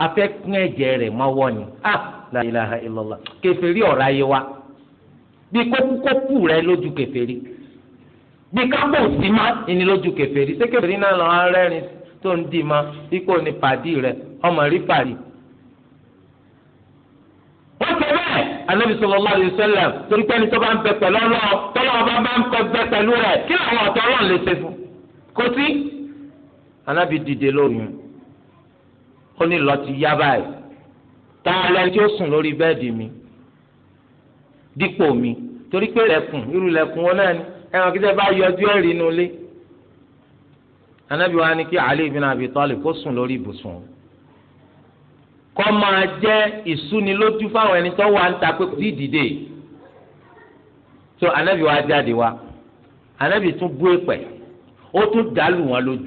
A: afẹ́ kún ẹ̀jẹ̀ rẹ̀ ni ah la ilaha illallah kèfèrí ọ̀rọ̀ ayé wa bí kókúkókú rẹ lójú kèfèrí bí kápò sí má ni lójú kèfèrí ṣé kèfèrí náà lọ rẹ́rìn tó ń dì má ikú ni pàdí rẹ ọmọ rí pàrí anabi sallallahu alaihi wasallam torí pé ẹni tó bá ń bẹ pẹ̀lú ọlọ́ọ̀ tọ́lọ́ ọba bá ń bẹ pẹ̀lú rẹ̀ kí làwọn ọ̀tọ̀ ọlọ́ọ̀ lè ṣe fún kò sí. anabi dìde lóyún ó ní lọ ti yá báyìí tá a lẹni tí ó sùn lórí bẹ́ẹ̀dì mi dípò mi torí pé lẹ̀kùn irú lẹ̀kùn wọn náà ni ẹ̀wọ̀n kí sẹ́ bá yọjú ẹ̀rí inú ilé anabi wa ni kí Ali ibn Abi Talib kó sùn lórí ibùsùn o kọ́ máa jẹ́ ìsúnilójú fáwọn ẹni tó wà ń ta pé kò sí ìdìde so anabi wa jáde wa anabi tún bú èpè ó tún dàlù wọn lójú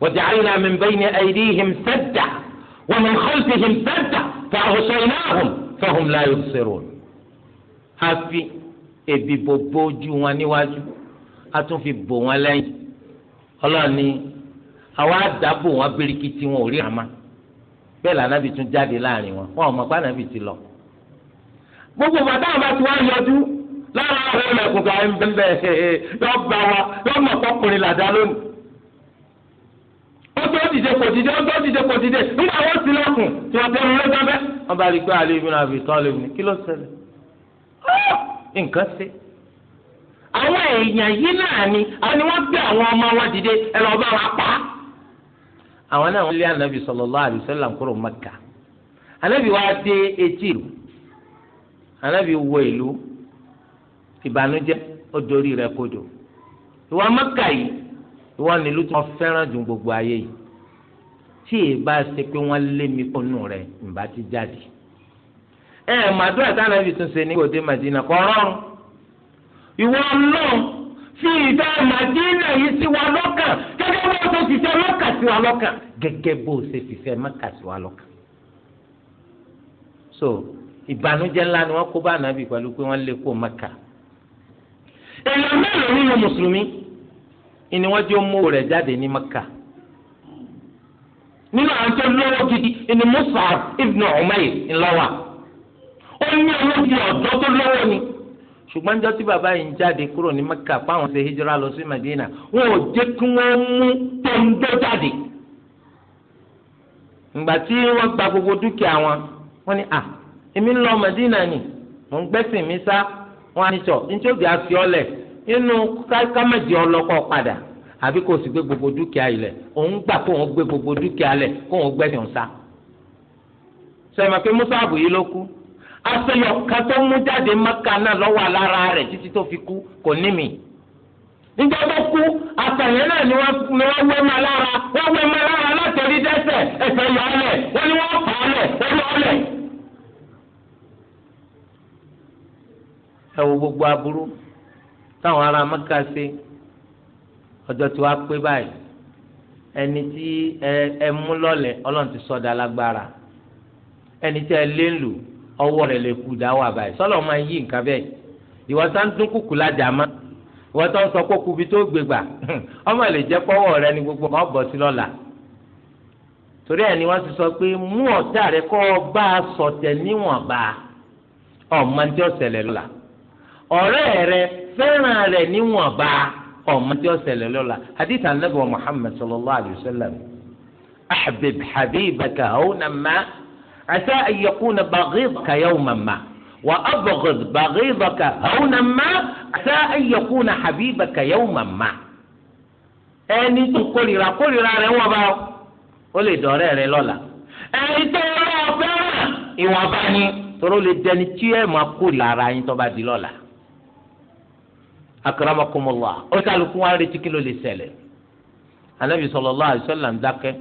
A: waja'alna min bayni aydihim sadda wa min khalfihim sadda fa'aghasaynahum fahum la yubsirun a fi ebi gbogbo ojú wọn níwájú a tún fi bò wọn lẹ́yìn ọlọ́ọ̀ni àwa dàbò wọn birikiti wọn ò rí àmà bẹ́ẹ̀ lànàbì tún jáde láàrin wọn wọn ò mọ̀ pé ànàbì ti lọ. gbogbo bàtà àbá tí wọ́n yọjú lára àwọn ẹlẹ́kùn kan ń bẹ́ẹ̀ yọ bá wa yọ mọ̀ pọ́kùnrin làdá lónìí. ó tó dìde kò dìde ó tó dìde kò dìde nígbà wọ́n ti lọ́kùn tí wọ́n tẹnu ló dábẹ́. wọ́n bá rí i pé àlè ìbínú àbí tán lè mú kí ló ṣẹlẹ̀. Ah! nǹkan ṣe. àwọn èèyàn yìí náà ni àwọn ni wọ́n gbé àwọn ọmọ wọn dìde ẹ lọ bá wa pa á. àwọn náà wọ́n lé anabi sallallahu alaihi wasallam kúrò anabi wa dé etí ìlú anabi wọ ìlú ìbànújẹ́ ó dorí rẹ̀ kodò ìwà yìí ìwà nílùú tí gbogbo ayé yìí tí èyí bá se pé wọ́n lé mi kónú rẹ̀ ìbá ti jáde ẹ màdúrà tí anabi tún ṣe ní kòtè Màdínà sí ìdá màdínà yìí sí wa lọ́kàn gẹ́gẹ́ bó ṣe ti fẹ́ mọ́kà sí wa lọ́kàn gẹ́gẹ́ bó ṣe ti fẹ́ mọ́kà sí wa lọ́kàn. so ìbànújẹ́ ńlá ni wọ́n kó bá nàbì pẹ̀lú pé wọ́n lè kó mọ́kà. èèyàn mẹ́rin nínú mùsùlùmí ni wọ́n jẹ́ mú rẹ̀ jáde ní mọ́kà. nínú àwọn tó lówó gidi ni musa ibn Umayr ńlọ́wà ó ní owó di ọ̀dọ́ tó lọ́wọ́ ni. ṣùgbọ́n jọ tí bàbá yìí ń jáde kúrò ní mẹ́kà fáwọn ṣe hijira lọ sí Madina wọn ò jẹ́ kí wọ́n mú tẹ̀ǹdọ́ jáde. ìgbà tí wọ́n gba gbogbo dúkìá wọn wọ́n ní à èmi ń lọ Madina ni mò ń gbẹ́sìn mi sá wọn á ní sọ ọ inú kámẹ́jì ọlọ́kọ̀ padà àbí kò sì gbé gbogbo dúkìá yìí lẹ̀ òun gbà kó gbé gbogbo dúkìá lẹ̀ aṣọyọ kan tó mú jáde maka náà lọ́wọ́ alára rẹ̀ títí tó fi kú kò ní mi nígbà tó kú àtàyẹ náà ni wọ́n wé ma lára wọ́n wé ma lára látẹ̀rí dẹ́sẹ̀ ẹ̀sẹ̀ yọ ọlẹ̀ wọ́n ní wọ́n fà ọlẹ̀ wọ́n yọ ọlẹ̀. ẹ wo gbogbo aburú táwọn ará maka ṣe ọjọ́ tí wàá pé báyìí ẹni tí ẹ mú lọ́lẹ̀ ọlọ́run ti sọ̀dà lágbára ẹni tí ẹ lé lù. ọwọ́ rẹ̀ lè kú dá wà sọlọ máa yí nǹkan bẹ́ẹ̀ ìwọ sá ń dún kùkù lájà má ìwọ tó ń sọ pé kubi tó gbé gbà (laughs) ọmọ lè jẹ́ pọ́wọ́ rẹ ni gbogbo ọmọ bọ̀ sí lọ́la torí ẹ̀ ni wọ́n ti sọ pé mú ọ̀tá rẹ kọ́ bá a sọ̀tẹ̀ níwọ̀nba ọ̀ma tí lọ́la ọ̀rẹ́ rẹ fẹ́ràn rẹ níwọ̀nba ọ̀ma lọ́la hadith sallallahu alayhi wa sallam ma. عسى أن يكون بغيضك يوما ما وأبغض بغيضك هونا ما عسى أن يكون حبيبك يوما ما ẹni tó kórìíra kórìíra rẹ wọ́n bá ó lè dọ̀rẹ́ rẹ lọ́la ẹni tó rọ fẹ́ràn ìwọ̀n bá ní tọ́rọ lè dẹni tí ẹ máa kórìíra ara yín tó bá di lọ́la. akramakumullah ó kálukú wa retí kí ló lè ṣẹlẹ̀ anabi sallallahu alaihi wasallam dákẹ́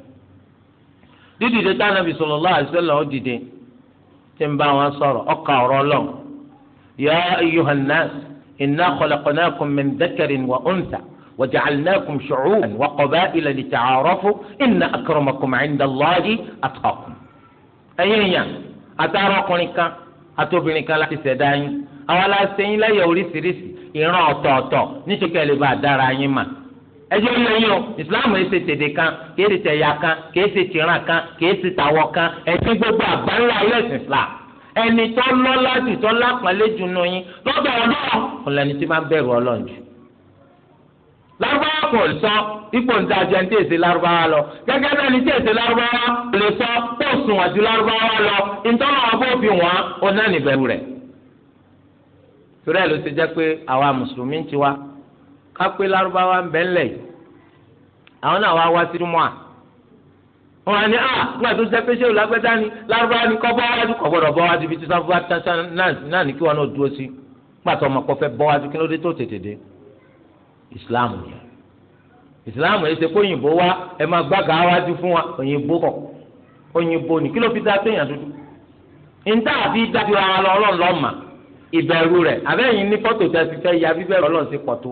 A: dídìde tá nàbì sallallahu alaihi wasallam ó dìde tí ń bá wọn sọ̀rọ̀ ọkà ọ̀rọ̀ lọ ya ayyuhan nas inna khalaqnakum min dhakarin wa untha وجعلناكم شعوبا وقبائل لتعارفوا إن أكرمكم عند الله أتقاكم أيها أتارقني كان أتوبني كان láti ṣẹ̀dá yín àwa la ṣe yín lẹ́yà oríṣiríṣi ìran ọ̀tọ̀ọ̀tọ̀ nítorí kẹ́ lè bá dára yín mà ẹjẹ onyonyo islam o ìsìláàmù yìí ṣe kan kìí ṣe tẹ̀yà kan kìí ṣe kan kìí ṣe tàwọ̀ kan ẹ̀sìn gbogbo àgbáńlá ẹlẹ́sìn islam ẹni tó lọ́lá jù tó lápọ̀nlé jù nù yín lọ́dọ̀ ọ̀dọ́ ọ̀lẹ́ni tí máa ń bẹ̀rù ọlọ́run jù. lárúbáwá kò sọ ipò ń lárúbáwá lọ gẹ́gẹ́ bí ẹni tí lárúbáwá lè sọ kó lọ kápẹ́ lárúbáwá ń bẹ́ ńlẹ̀ yìí àwọn náà wá wá sínú mọ́à wọn á ní à ah, nígbà tó sẹ́pẹ́ ṣé olágbẹ́dá ni lárúbáwá ni kọ́ bọ́ wájú kọ́ gbọ́dọ̀ bọ́ wájú bí tí sáfù náà ní kí wọn náà dúró sí pàtó ọmọ kọfẹ́ bọ́ wájú kí ló dé tó tètè dé ìsìláàmù yẹn ìsìláàmù yẹn ṣe kó òyìnbó wá ẹ máa gbága wájú fún wa òyìnbó kọ òyìnbó ni kí ló fi dá péyàn dúdú níta àfi dájú ara lọ ọlọ́run lọ́ọ̀mà ìbẹ̀rù rẹ̀ àbẹ́yìn ní fọ́tò tẹ́ ti fẹ́ ya bíbẹ̀rù ọlọ́run sí pọ̀ tó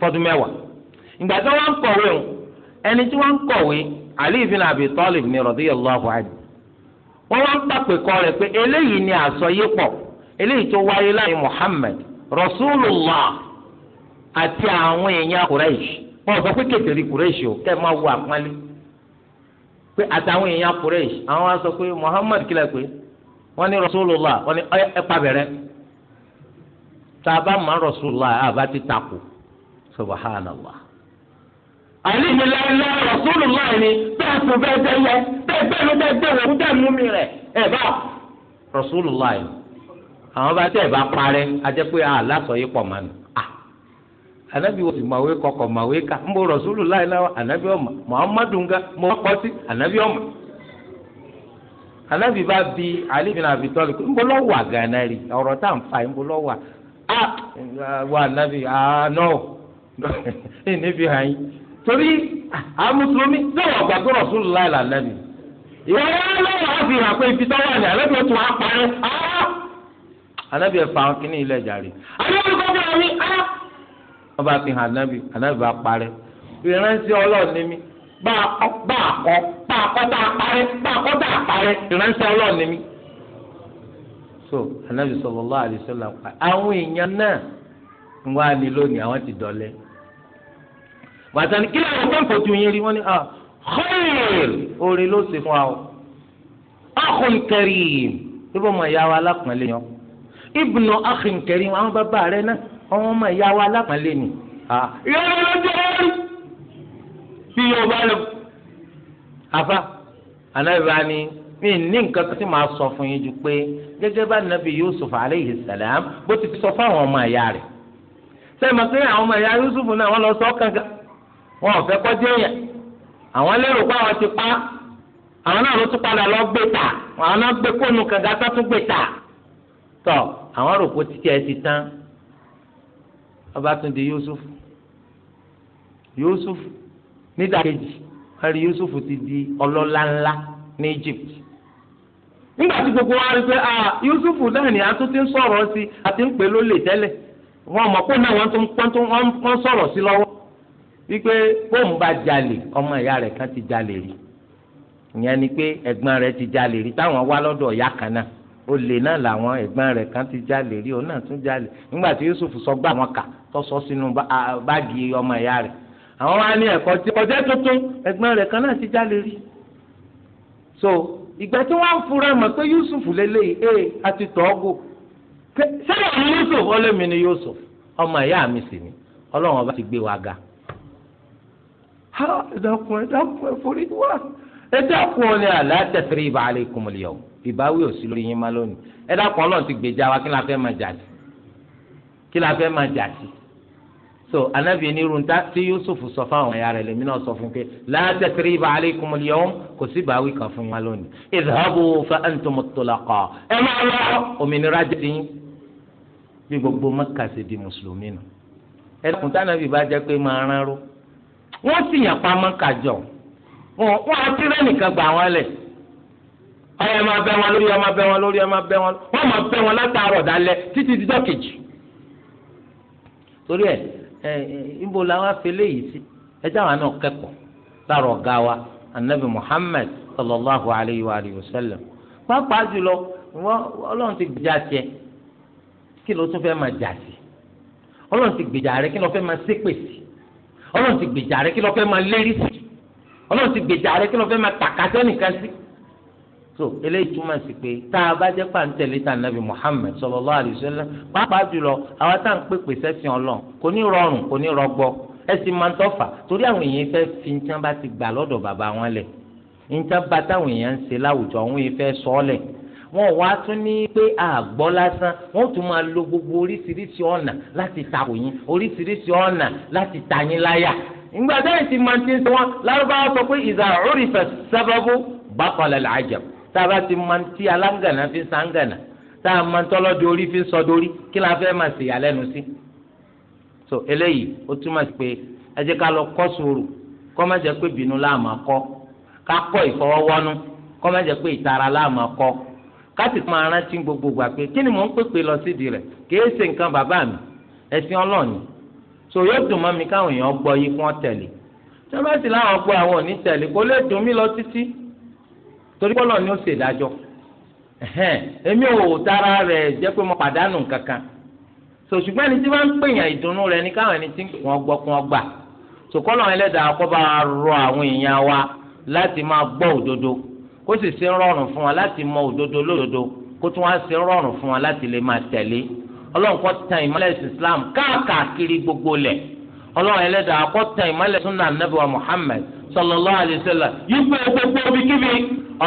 A: fọdún mẹ́wàá ìgbà tí wọ́n ń kọ̀wé o ẹni tí wọ́n ń kọ̀wé Ali ibn Abi Talib ní radiyallahu anhu wọ́n wá ń pàpè kọ rẹ̀ pé eléyìí ni àsọyépọ̀ eléyìí tó wáyé láàrin Muhammad Rasulullah àti àwọn èèyàn sọ pé o kẹ́ ẹ máa wo àpọ́nlé pé àtàwọn èèyàn Muhammad kílẹ̀ pé wọ́n ní Rasulullah wọ́n ní ẹ pàbẹ̀rẹ̀ tá a bá mọ̀ Rasulullah àbá subhanallah. àlejò lẹ́yìnlá rọ̀súlù náà ni bẹ́ẹ̀ kú bẹ́ẹ̀ tẹ́lẹ̀ bẹ́ẹ̀ bẹ́ẹ̀ bẹ́ẹ̀ bẹ́ẹ̀ wọ́n dẹ̀ mú mi rẹ̀ A bá rọ̀súlù náà ni. àwọn bá tẹ̀ bá parẹ́ a lásọ kọkọ mawe ka mbụ bọ rọ̀súlù náà ni muhammadu nga bi níbi hàn yín torí àmùsùlùmí sọ̀rọ̀ ọ̀gbà tó rọ̀sùn láì lànà ni ìwọ yẹn lọ́wọ́ á fi hàn pé ibi tọ́wọ́ ni àlẹ́ tó tún á parẹ́ ah! ànábì ẹ̀fà kínní ilẹ̀ jàre àlẹ́ tó kọ́ fún mi wọ́n bá fi hàn ànábì ànábì bá parẹ́ ìránṣẹ́ ọlọ́run ni mí bá àkọ́ bá àkọ́ tá a parẹ́ bá àkọ́ tá a parẹ́ ìránṣẹ́ ọlọ́run ni mí so anabi sallallahu alaihi wasallam àwọn èèyàn náà ń wá ní lónìí àwọn ti dọ̀lẹ́ bàtà ni kí lóun kàn fojú yín rí wọn ni ah, khair oore ló ṣe fún wa o akhun karim ibò mọ ìyá wa alápọ̀nlé yan ibnu akhun karim àwọn bàbá rẹ náà àwọn ọmọ ìyá wa alápọ̀nlé ni ah, ìyá wa ló jẹ́ wọ́n bí yóò bá lọ. afa anábìbá mi ní nǹkan tó ti sọ fún yín ju pé gẹ́gẹ́ bá nàbì yusuf aleyhi salam bó ti fi sọ fún àwọn ọmọ ìyá rẹ̀ sẹ́yìn mọ̀ pé àwọn ọmọ ìyá yusuf náà wọ́n lọ sọ ọ́ kankan. wọn ò fẹ́ kọjá èèyàn àwọn lérò pé àwọn ti pa àwọn náà ló tún padà lọ gbé ta àwọn náà gbé kónú tó tún gbé ta tọ àwọn rò títí ẹ ti tán ọba di Yusuf Yusuf ti di ọlọ́lá ńlá ní Egypt nígbà tí gbogbo wa rí pé Yusuf náà ni a ń sọ̀rọ̀ sí àti ń pè lólè tẹ́lẹ̀ wọn mọ̀ pé wípé bóun bá jalè ọmọ ìyá rẹ̀ kan ti jalè rí ìyẹn ni pé ẹ̀gbọ́n rẹ̀ ti jalè rí táwọn wá lọ́dọ̀ ìyá kan náà olè náà làwọn ẹ̀gbọ́n rẹ̀ kan ti jalè rí òun náà tún jalè nígbà tí Yusuf sọgbà wọn kà tó sọ sínú báàgì ọmọ ìyá rẹ̀ àwọn wá ní ẹ̀kọ́ tí ọjọ́ tuntun ẹ̀gbọ́n rẹ̀ kan náà ti jalè rí so ìgbà tí wọ́n fura mọ̀ pé Yusuf lélẹ́yìí ee àti tọ́gù sẹ́yìn Yusuf ọlẹ́mi ni Yusuf ọmọ ìyá mi sì ni ọlọ́run ọba ti gbé wa ga ha ẹ̀dàkùn ẹ̀dàkùn ẹ̀fọ́rí wá ẹ̀dàkùn ọ̀ni àlá tẹ̀sírí ibà alẹ́ kùmùlíọ̀ ìbáwí ò sí lórí yín má lónìí ẹ̀dàkùn ọlọ́run ti gbèjà wa kí la fẹ́ máa jà sí kí la fẹ́ máa jà sí so anabi ni runta tí yusuf sọ fáwọn ẹ̀yà rẹ̀ lèmi náà sọ fún pé la tasriba alaykum al-yawm kò sí báwí kan fún wa lónìí idhabu fa antum at-tulaqa ẹ máa lọ òmìnira jẹ́ bí gbogbo mẹ́kà ṣe di mùsùlùmí nù ẹ̀dàkùn tánàbì bá jẹ́ pé máa rán ró wọ́n sì yàn pamọ́ kàjọ wọ́n ti tirẹ̀ nìkan gbà wọ́n lẹ̀
B: ọyọ máa bẹ wọn lórí ọmọ
A: bẹ wọn lórí ọmọ bẹ wọn máa bẹ wọn látàárọ̀ dalẹ́ títí dídọ́ kejì torí ẹ ẹ ibo la wá fi sí ẹ jáwọn kẹ́kọ̀ọ́ wa anabi muhammed alayhi wa sallam jùlọ gbèjà ọlọ́run ti gbèjà rẹ kí ló fẹ́ máa lérí sí ọlọ́run ti gbèjà rẹ kí ló fẹ́ máa tàkàtẹ́ nìkan sí. so eléyìí túmọ̀ sí pé tá a bá jẹ́ pà ń tẹ̀lé nàbì Muhammad sallallahu alaihi wasallam pàápàá jùlọ àwa tá à ń pèpè sẹ́sìn ọlọ́run kò ní rọrùn kò ní rọgbọ ẹ̀sìn máa ń tọ́fà torí àwọn èèyàn fẹ́ fi ń tán bá ti gbà lọ́dọ̀ bàbá wọn lẹ̀ ń tán bá táwọn èèyàn ń ṣe láwùjọ òun yìí fẹ́ sọ ọ́ lẹ̀ wọn wá tún ní pé àgbọ́ lásán wọn tún máa lo gbogbo oríṣiríṣi ọ̀nà láti takò yín oríṣiríṣi ọ̀nà láti ta yín láyà ìgbà táyì ti máa ti ń sọ wọn lárúbáwá sọ pé ìzà òrìfẹ sábàbù bákọlẹ làájẹ tá a bá ti máa ti aláǹgànà fi sàǹgànà tá a máa tọ́lọ́dẹ orí fi sọdórí kí la fẹ́ máa ṣèyàlẹ́nu sí. so eléyìí ó túmọ̀ sí pé ẹ jẹ́ ká lọ kọ́ sùúrù kọ́ má jẹ́ pé bínú láàmà kọ́ ká kọ́ ìfọwọ́wọ́nú káti tó máa rántí gbogbo gbà pé kí ni mò ń pèpè lọ sídìí rẹ kìí ṣe nǹkan bàbá mi ẹ̀sìn ọlọ́ọ̀ni so yóò dùn mi káwọn èèyàn gbọ́ yìí kí wọ́n tí wọ́n sì láwọn àwọn òní tẹ̀lé torí pọ́lọ̀ ni ó ṣe ìdájọ́ ò tara rẹ̀ jẹ́ pé mo pàdánù kankan so ṣùgbọ́n ẹni ń ìdùnnú rẹ̀ ni káwọn ẹni tí kó sì ṣe rọrùn fún wa láti mọ òdodo lódodo kó tún wá ṣe rọrùn fún wa láti lè máa tẹ̀lé ọlọ́run kó tan ìmọ́lẹ̀ islam káàkiri gbogbo lẹ̀ ọlọ́run ẹlẹ́dàá kó tan ìmọ́lẹ̀ sunna anabi wa muhammed sallallahu alayhi wa sallam yípo gbogbo omi kíbi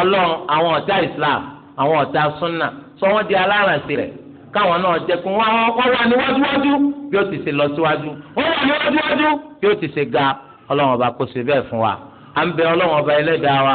A: ọlọ́run àwọn ọ̀tá islam àwọn ọ̀tá sunna sọ wọ́n di alárànṣe rẹ̀ káwọn náà jẹ́ kó wọ́n ọkọ̀ wà níwájúwájú bí ó ti ṣe lọ síwájú wọ́n wà níwájúwájú bí ó ti ṣe ga ọlọ́run ọba kó ṣe bẹ́ẹ̀ fún wa à ń bẹ ọlọ́run ọba ẹlẹ́dàá wa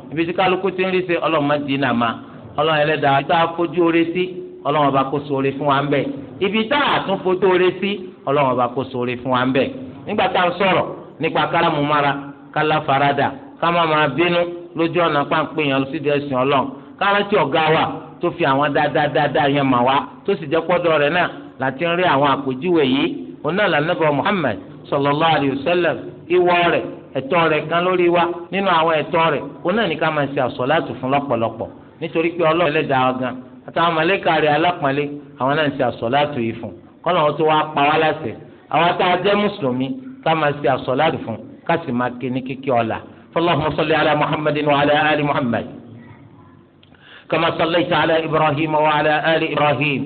A: ibi tí kálukú ti ń rí ṣe ọlọ́run má dín ma ọlọ́run ẹlẹ́dàá tá a fojú oore sí ọlọ́run ọba kó ṣoore fún wa ń bẹ̀ ibi tá a tún fojú oore sí ọba kó fún wa ń bẹ̀ nígbà tá a ń sọ̀rọ̀ nípa mara kálá farada ká máa bínú lójú ọ̀nà páńpé yẹn lọ́sídìí ẹ̀sìn ọlọ́run káràtì ọ̀gá wa tó fi àwọn dáadáa yẹn mà wá tó sì jẹ́ pọ́dọ̀ rẹ̀ náà láti rí àwọn àpèjúwe yìí ẹ̀tọ́ rẹ̀ kan lórí wa nínú àwọn ẹ̀tọ́ rẹ̀ òun náà ní ká máa ṣe àsọ̀láàtù fún lọ́pọ̀lọpọ̀ nítorí pé Ọlọ́run ẹlẹ́dàá gan àtàwọn mọ̀lẹ́kà rẹ̀ alápọ̀nlé àwọn náà ń ṣe àsọ̀láàtù yìí fún kọ́nà wọn tó wá pa wá láṣẹ àwọn tá a jẹ́ mùsùlùmí ká máa ṣe àsọ̀láàtù fún ká sì máa ké ní kíkí ọ̀la fallahumma salli ala muhammadin wa ala ali muhammad kama sallaita ala ibrahim wa ali ibrahim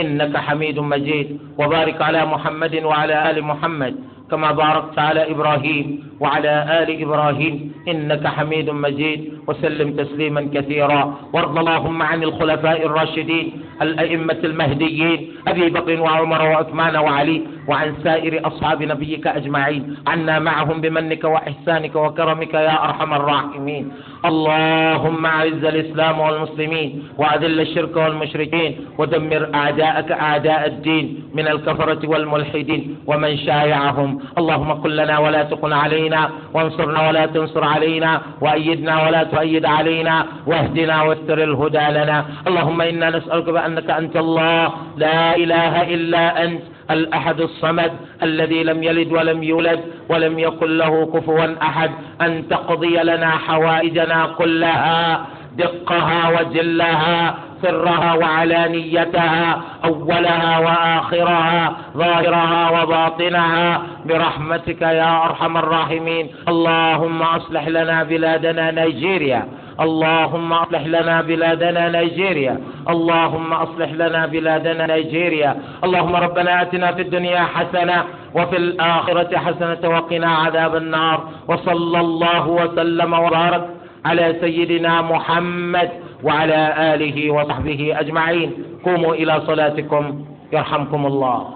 A: innaka hamidun majid wa barik ala muhammadin wa ali muhammad كما باركت على إبراهيم وعلى آل إبراهيم إنك حميد مجيد وسلم تسليما كثيرا وارض اللهم عن الخلفاء الراشدين الأئمة المهديين أبي بكر وعمر وعثمان وعلي وعن سائر أصحاب نبيك أجمعين عنا معهم بمنك وإحسانك وكرمك يا أرحم الراحمين اللهم أعز الإسلام والمسلمين وأذل الشرك والمشركين ودمر أعداءك أعداء الدين من الكفرة والملحدين ومن شايعهم اللهم قل لنا ولا تقن علينا وانصرنا ولا تنصر علينا وأيدنا ولا تؤيد علينا واهدنا واستر الهدى لنا اللهم إنا نسألك بأنك أنت الله لا إله إلا أنت الأحد الصمد الذي لم يلد ولم يولد ولم يقل له كفوا أحد أن تقضي لنا حوائجنا كلها دقها وجلها سرها وعلانيتها أولها وآخرها ظاهرها وباطنها برحمتك يا أرحم الراحمين اللهم أصلح لنا بلادنا نيجيريا اللهم اصلح لنا بلادنا نيجيريا اللهم اصلح لنا بلادنا نيجيريا اللهم ربنا اتنا في الدنيا حسنه وفي الاخره حسنه وقنا عذاب النار وصلى الله وسلم وبارك على سيدنا محمد وعلى آله وصحبه أجمعين قوموا إلى صلاتكم يرحمكم الله